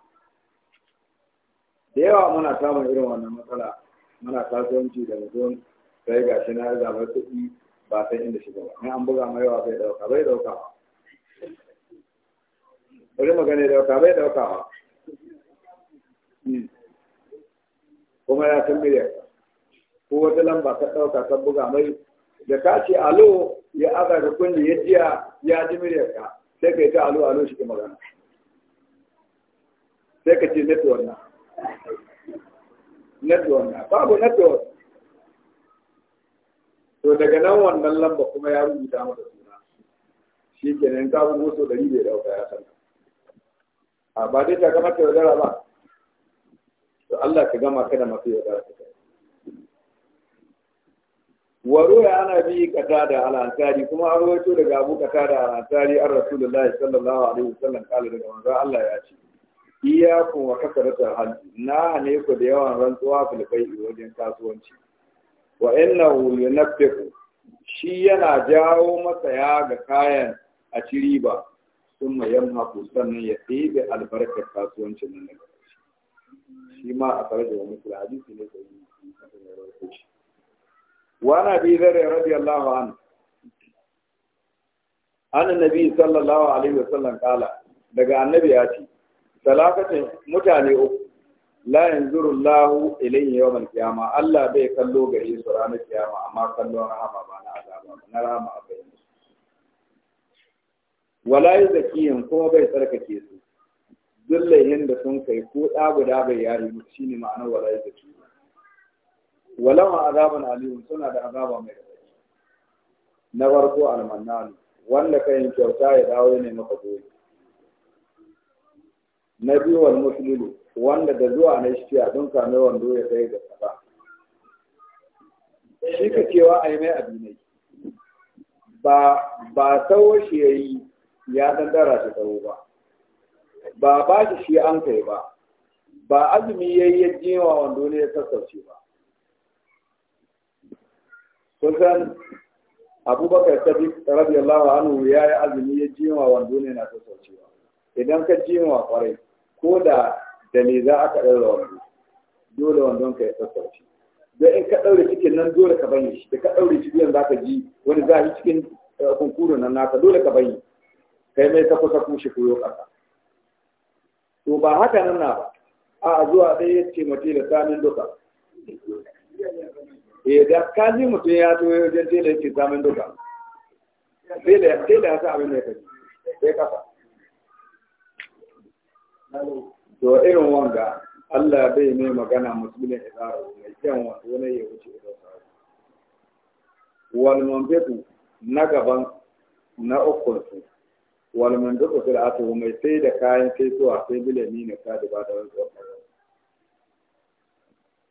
da yawa muna samun irin wannan matsala muna kasuwanci da mutum sai ga shi na riga mai kuɗi ba sai inda shiga ba Ni an buga mai yawa bai dauka bai dauka ba bari magana dauka bai dauka ba hmm. kuma ya san miliyan ko wata lamba ka dauka ka buga mai da ka ce alo ya aza da kunni ya jiya ya ji miliyan ka sai ka yi ta alo alo shi ke magana sai ka ce network na nadwan babu to daga nan wannan lamba kuma ya rubuta mata suna shi ke nan ta rubuta so dari bai dauka ya san a ba dai ta gama yaudara ba to Allah ka gama ka da mafi yaudara ta kai ya ana bi kata da al'ansari kuma an rawaito daga abu kata da al'ansari an rasulullahi sallallahu alaihi wasallam kala daga manzo Allah ya ce iyakun wa kasaratar hajji na hane ku da yawan rantsuwa filbai wajen kasuwanci wa hu yunaffiqu shi yana jawo masaya ga kayan a ci riba sun yamma ku sannan ya ɗebe albarkar kasuwancin nan daga shi ma a fara da wani hadisi ne da yi وعن ابي ذر رضي الله عنه عن النبي صلى الله عليه daga annabi ya ce salakatin mutane uku la yanzuru Lahu ilayhi al qiyama Allah bai kallo gare su ranar kiyama amma kallon rahama ba na azaba na rahama a bayan su wala yuzakiyin kuma bai tsarkake su dullahin da sun kai ko da guda bai yari mu shine ma'anar wala yuzaki walawa azaban aliyun suna da azaba mai na farko almannanu wanda kayan kyauta ya dawo ne maka gobe na biyu wal wanda da zuwa na shi a don kame wando ya kai ga kafa shi ka cewa a yi mai abinai ba ba tsawo shi ya yi ya dandara shi tsawo ba ba ba shi shi an kai ba ba azumi ya yi ya jewa wando ne ya sassauce ba kusan abubakar sadiq radiyallahu anhu ya yi azumi ya jewa wando ne na sassaucewa idan ka jewa kwarai ko da da me za a aka ɗaura wanzu, dole wanzu ka ya sassauci don in ka ɗaure cikin nan dole ka bani shi da ka ɗaure cikin za ka ji wani yi cikin eh, kunkurun nan naka dole ka Ka yi mai ta kusa kushe koyo ƙasa to ba haka nan na ba a zuwa ɗaya ya ce mace da samun duka eh da kaji mutum ya to wajen tela ya ce samun duka tela ya sa abin da ya kaji sai kasa to irin wanga Allah bai mai magana musulmin izaru mai kyan wato wani ya wuce da sauri wal mambitu na gaban na ukun su wal mambitu fil atu mai sai da kayan sai zuwa sai bilami ne ka da ba da wani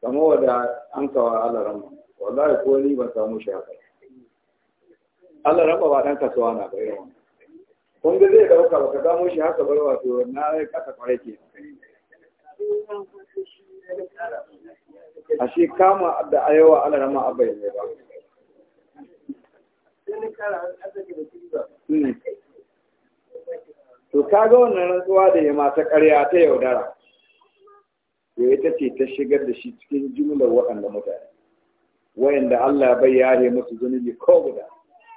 kama wada an kawa alaran wallahi ko ni ban samu shi haka Allah raba ba dan kasuwa na ba irin kun zai zai dauka ka gamo shi haka bar wato na kasa kwarai ke a shi kama da ayawa ana rama abai ne ba hmm. to ga wannan rantsuwa da ya mata karya ta yaudara to ita ce ta shigar da shi cikin jumlar waɗanda mutane wayanda Allah bai yare musu zunubi ko guda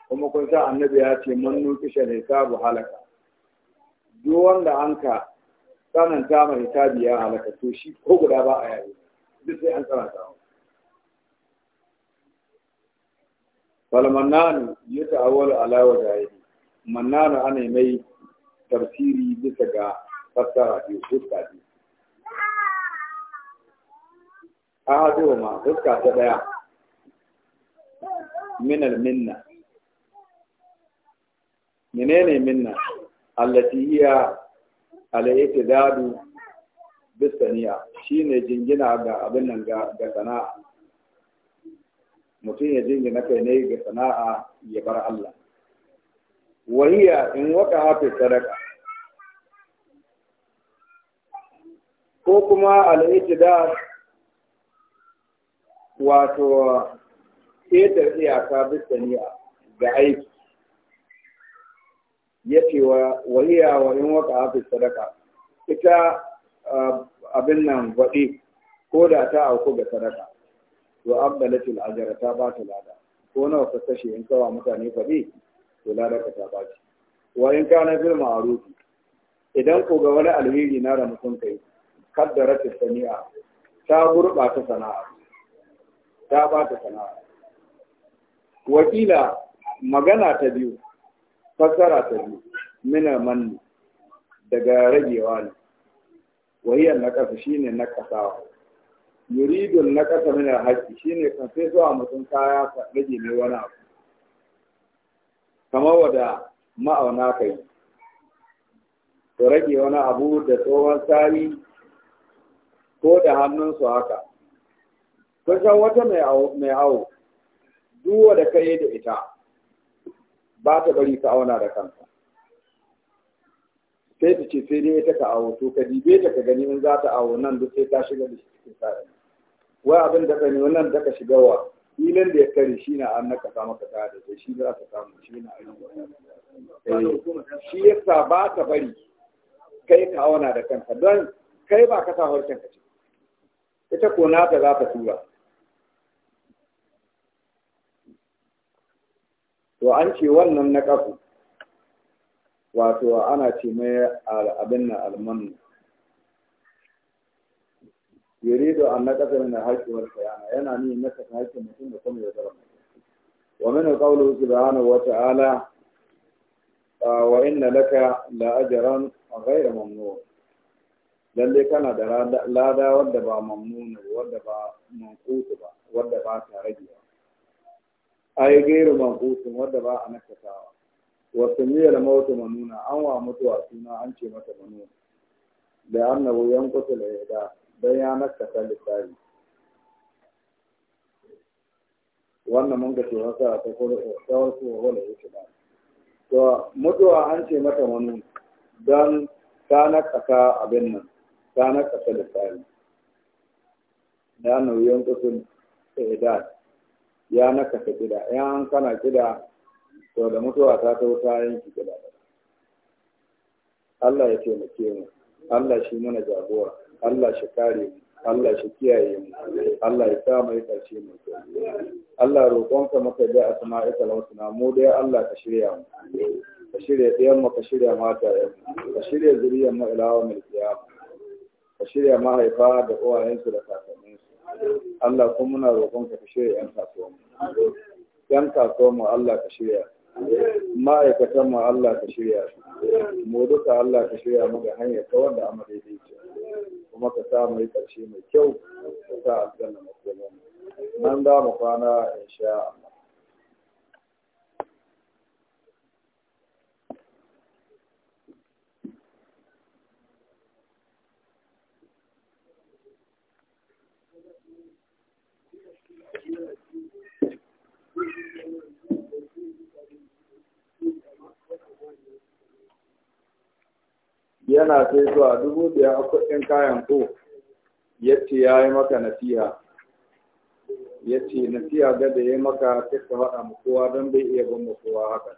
kuma kun san annabi ya ce man nukisha hisabu halaka duk wanda an ka tsananta mai hisabi ya halaka to shi ko guda ba a yayi duk sai an tsananta falmannanu ya ta'awwalu ala wajahi mannanu ana mai tafsiri bisa ga fassara biyu fuska biyu a ma fuska ta daya minal minna menene minna allati hiya al-i'tidadu bisaniya shine jingina ga abin nan ga sana'a mutum ya jingina kai na yi ga sana'a ya bar Allah wahiya in waka hafi sadaka ko kuma al-i'tidad wato ƙetar iyaka bisaniya ga aiki ya ce wa waliya wa in waka hafi sadaka ita abin nan waɗi ko da ta auku ga sadaka to abdalatul ajara ta ba ta lada ko nawa ka kashe in kawa mutane faɗi to lada ka ta ba ci wa in kana fil ma'ruf idan ko ga wani alheri na da mutum kai kaddara ta sani'a ta gurɓata sana'a ta ba ta sana'a wakila magana ta biyu fassara ta biyu minar manni daga ragewa ne wahiyar na ƙasa shi ne na ƙasawa yuridun na ƙasa mina haƙƙi shi ne kan sai zuwa mutum kaya ka rage mai wani abu kamar wada ma'auna ka yi to rage wani abu da tsohon sari ko da hannunsu haka kun san wata mai awo duk wanda ka yi da ita ba ta bari ka auna da kanka sai ta ce sai dai ta ka awo to ka dibe ta ka gani in za ta awo nan duk sai ta shiga da shi cikin sa'in wai abin da ka wannan da ka shiga wa filin da ya kare shi na an naka samu ka ta da shi za ka samu shi na ainihin shi eh, yasa ba ta bari kai ka auna da kanka don kai ba ka sa harshen ka ce ita ko na ta za ta tura to an ce wannan na ƙafu wato ana ce mai abin na almanu da an na ƙasa min na wal bayana yana ne na ƙasa haƙƙin mutum da kuma ya zama wa min qawlu subhanahu wa ta'ala wa inna laka la ajran ghayra mamnun lalle kana da lada wadda ba mamnun wadda ba manqutu ba wadda ba ta rage ai gairu sun wanda ba a nakatawa wa da mautu manuna an wa mutuwa suna an ce mata manuna da annabu yankutu da yada don ya nakata lissafi wannan mun ga cewa sa ta kore tsawar wasu wala yake ba to mutuwa an ce mata manuna don ta nakata abin nan ta nakata lissafi da annabu yankutu da yada ya nakasa kida yan an kana kida to da mutuwa ta tau ta yanki kida Allah ya ce mu Allah shi mana jagora Allah shi kare mu Allah shi kiyaye mu Allah ya sa mai kace mu Allah ka maka da asma'ika lausuna mu dai Allah ka shirya mu ka shirya ɗayan mu ka shirya mata mu ka shirya zuriyar mu ilawa mulkiya ka shirya mahaifa da uwayensu da kakanni Allah kuma muna roƙon ka shirya yan kasuwan mu yan kasuwan mu Allah ka shirya ma'aikatan mu Allah ka shirya mu duka Allah ka shirya mu ga hanyar ta wanda amma daidai ce kuma ka sa mu yi ƙarshe mai kyau ka sa aljanna mu nan da mu kwana in sha. yana sai zuwa dubu da ya kuɗin kayan ko ya ce ya yi maka nasiha ya ce nasiha ga da ya yi maka ta faɗa mu kowa don bai iya bin mu kowa haka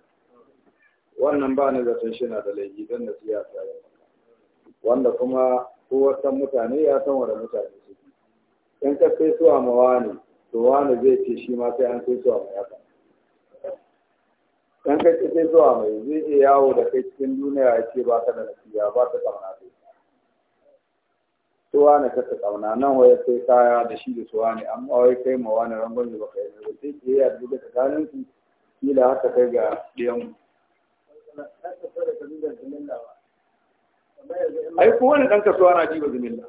wannan ba ni zaton shi na da laifi don nasiha ta yi wanda kuma kowa san mutane ya san wani mutane su in ka sai zuwa mawa ne to wani zai ce shi ma sai an kai zuwa mai haka dan kai sai zuwa mai zai iya yawo da kai cikin duniya ya ce ba ka da nasiya ba ka kauna kai to wani ka ta kauna nan waya sai kaya da shi da su wani amma wai kai ma wani rangon da baka yi ba sai ke ya duka tsakanin su kila haka kai ga ɗiyan ai ko wani dan kasuwa na jiba zumilla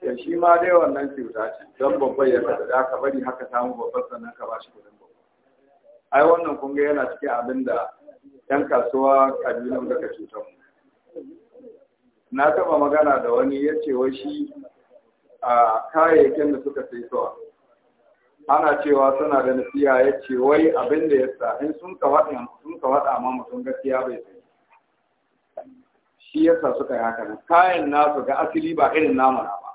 da shi ma dai wannan kyauta ce don babban ya da aka bari haka samu babban sannan ka bashi kudin babban ai wannan kunga yana cikin abin da yan kasuwa kabilan da ka cutar na taba magana da wani ya ce wai shi a kayayyakin da suka sai sawa ana cewa suna da nasiya ya ce wai abin da ya sa in sun ka waɗa sun ka faɗa ma mutum gaskiya bai sai shi ya sa suka yi haka nan kayan nasu ga asali ba irin nama na ba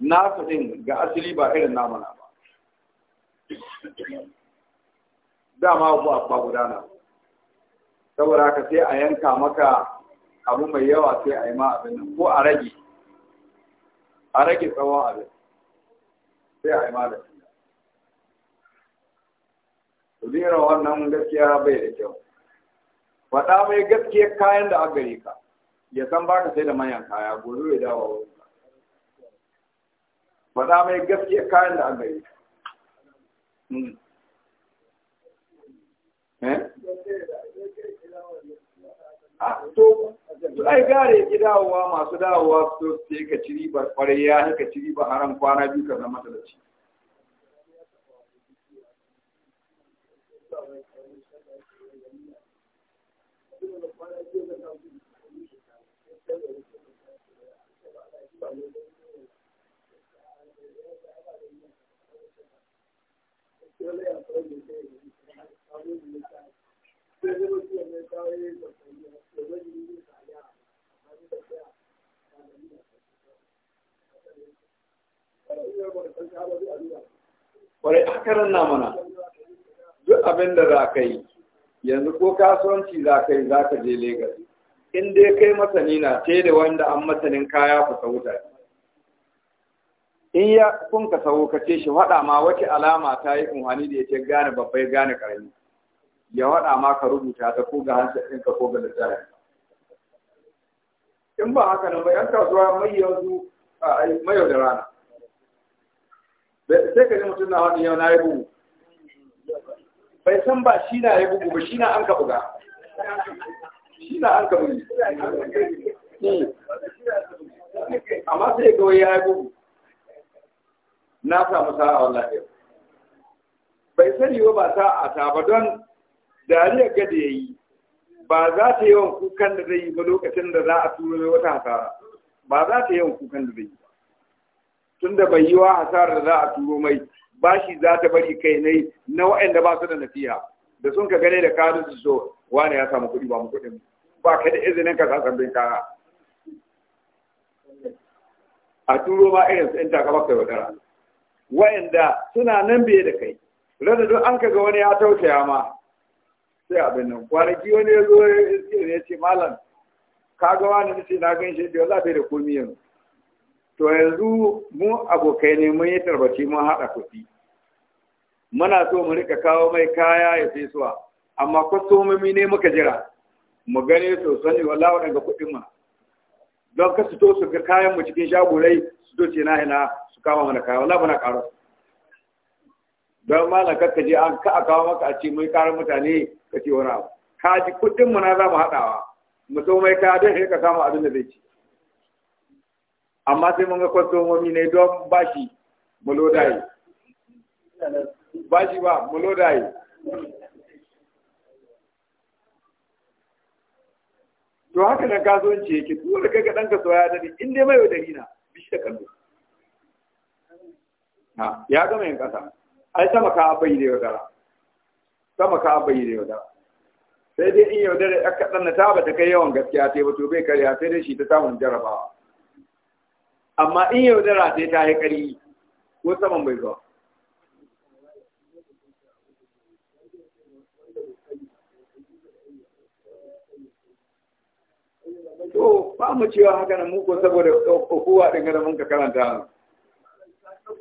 nasu ɗin ga asali ba irin nama na ba dama abu a gudana saboda haka sai a yanka maka abu mai yawa sai a yi ma abin nan ko a rage a rage tsawon abin sai a yi malami zira wannan gaskiya bai da kyau Waɗa mai gaskiya kayan da aka yi ka ya san ba ka sai da manyan kaya gobe ya dawo wa ka faɗa mai gaskiya kayan da aka yi. ka hmm. to ai gare ki dawowa masu dawowa su sai ka ci ribar ƙwarya ka ci ribar haram kwana biyu ka zama talaci Thank Kwarai akarar na mana duk abin da za ka yi yanzu ko kasuwanci za ka yi za ka je Legas. In ya kai masani na ce da wanda an masanin kaya ku sauta. In ya kun ka sauka ce shi faɗa ma wace alama ta yi kunhani da ya ce gane babbai gane ƙarami. ya waɗa ma ka rubuta ta ko ga hansa ɗinka ko ga littafi in ba haka nan ba yan kasuwa mai yanzu mai yau da rana sai ka ji mutum na wani yau na yi bugu bai san ba shi na yi bugu ba shi na an ka buga shi na an ka buga. amma sai ga wai ya yi bugu na samu sa'a wallahi bai sani ba ba sa'a ta ba don dariyar gada ya yi ba za ta yi yawan kukan da zai yi ba lokacin da za a turo mai wata hasara ba za ta yi yawan kukan da zai yi ba tun da bai yi wa hasara da za a turo mai bashi za ta bari kai yi na waɗanda ba su da nafiya da sun ka gane da kayan su so wani ya samu kuɗi ba mu kuɗin ba ka da izinin ka zasan sabbin kara a turo ma irin su in ta kaba kai wadara waɗanda suna nan biye da kai rana don an ka ga wani ya tausaya ma sai abin nan kwanaki wani ya zo ya ce malam ka ga wani mace na gan shi da za bai da komi yanzu to yanzu mu abokai ne mun yi tarbaci mun haɗa kuɗi muna so mu rika kawo mai kaya ya fi suwa amma kwastomomi ne muka jira mu gane su sani wallahi waɗanda kuɗin ma don ka su to su ga kayan mu cikin shagurai su to ce na hina su kama mana kaya ba na ƙaro don na kakka je an ka kawo maka a ce mai karar mutane ka ce wani abu ka ji kudin mu na za mu haɗawa mu so mai ka don sai ka samu abin da zai ci amma sai mun ga kwastomomi ne don bashi mu lodaye bashi ba mu lodaye to haka nan kasuwanci yake tuwa da kaga ɗanka soya da ni in dai mai wadari na bishi da kallo ya gama yin kasa ai sama ka bai da yaudara sama ka bai da yaudara sai dai in yaudara ya kaɗan na taba ta kai yawan gaskiya ta ba to bai karya sai dai shi ta samun jarabawa amma in yaudara sai ta yi ƙari ko saman bai zuwa to ba mu cewa haka nan muku saboda kowa dangane mun ka karanta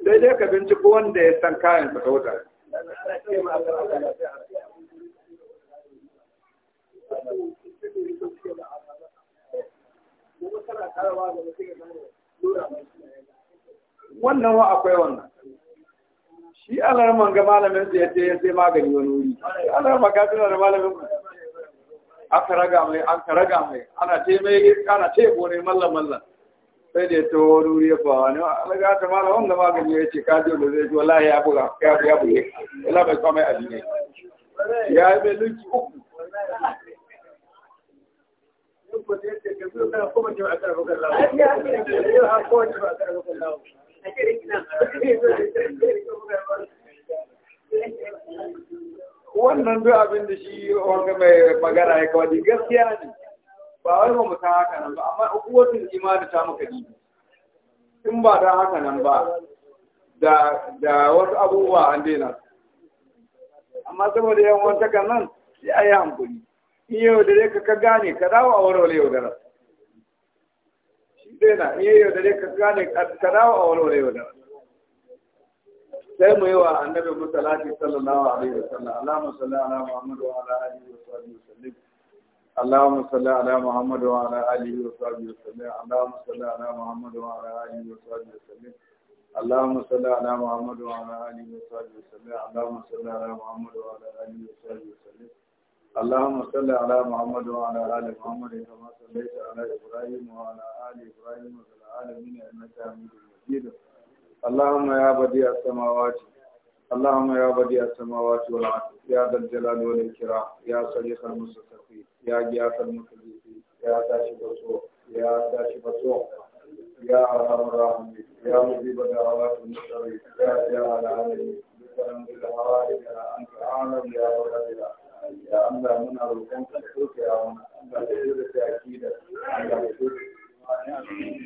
sai dai ka binciko wanda ya san kayan sa kauta wannan wa akwai wannan shi alarman ga malamin sa yace ya sai magani wani wuri alarman ka tuna da malamin ku aka raga mai an ka raga mai ana ce mai ana ce gore mallan mallan sai da ya taho wani wuri ya fawa ne a ga ta mara wanda magani ya ce kaji da zai ji wallahi ya buga ya buga ya buga bai kwamai a jini ya yi mai lunki uku wannan duk abin da shi wanda mai magana ya kawai gaskiya ne ba wai ba mu san haka nan ba amma ukuwatin imani ta muka yi in ba dan haka nan ba da da wasu abubuwa an daina amma saboda yan wanta kan nan sai ayi hankuri in yau da ka gane ka dawo a warware yau da in yau da ka gane ka dawo a warware yau da sai mu yi wa annabi musallati sallallahu alaihi wasallam allahumma salli ala alaihi wa ala alihi wa wa sallam اللهم صل على محمد وعلى آله وصحبه وسلم اللهم صل على محمد وعلى آله وصحبه وسلم اللهم صل على محمد وعلى آله وصحبه وسلم اللهم صل على محمد وعلى آله وصحبه وسلم اللهم صل على محمد وعلى آل محمد كما صليت على إبراهيم وعلى آل إبراهيم وفي العالمين إنك حميد مجيد اللهم يا بديع السماوات اللهم يا بديع السماوات والأرض يا ذا الجلال والإكرام يا صديق المستقيم ya giyasar musulunci ya tashi baso ya tashi baso ya arhamar rahimi ya muziba da hawatin mutsari ya ya alhamari dukkanin da hawatin da an ta'amar ya da ya Allah muna roƙon ka da soke ya wani Allah da yi da ta da Allah da soke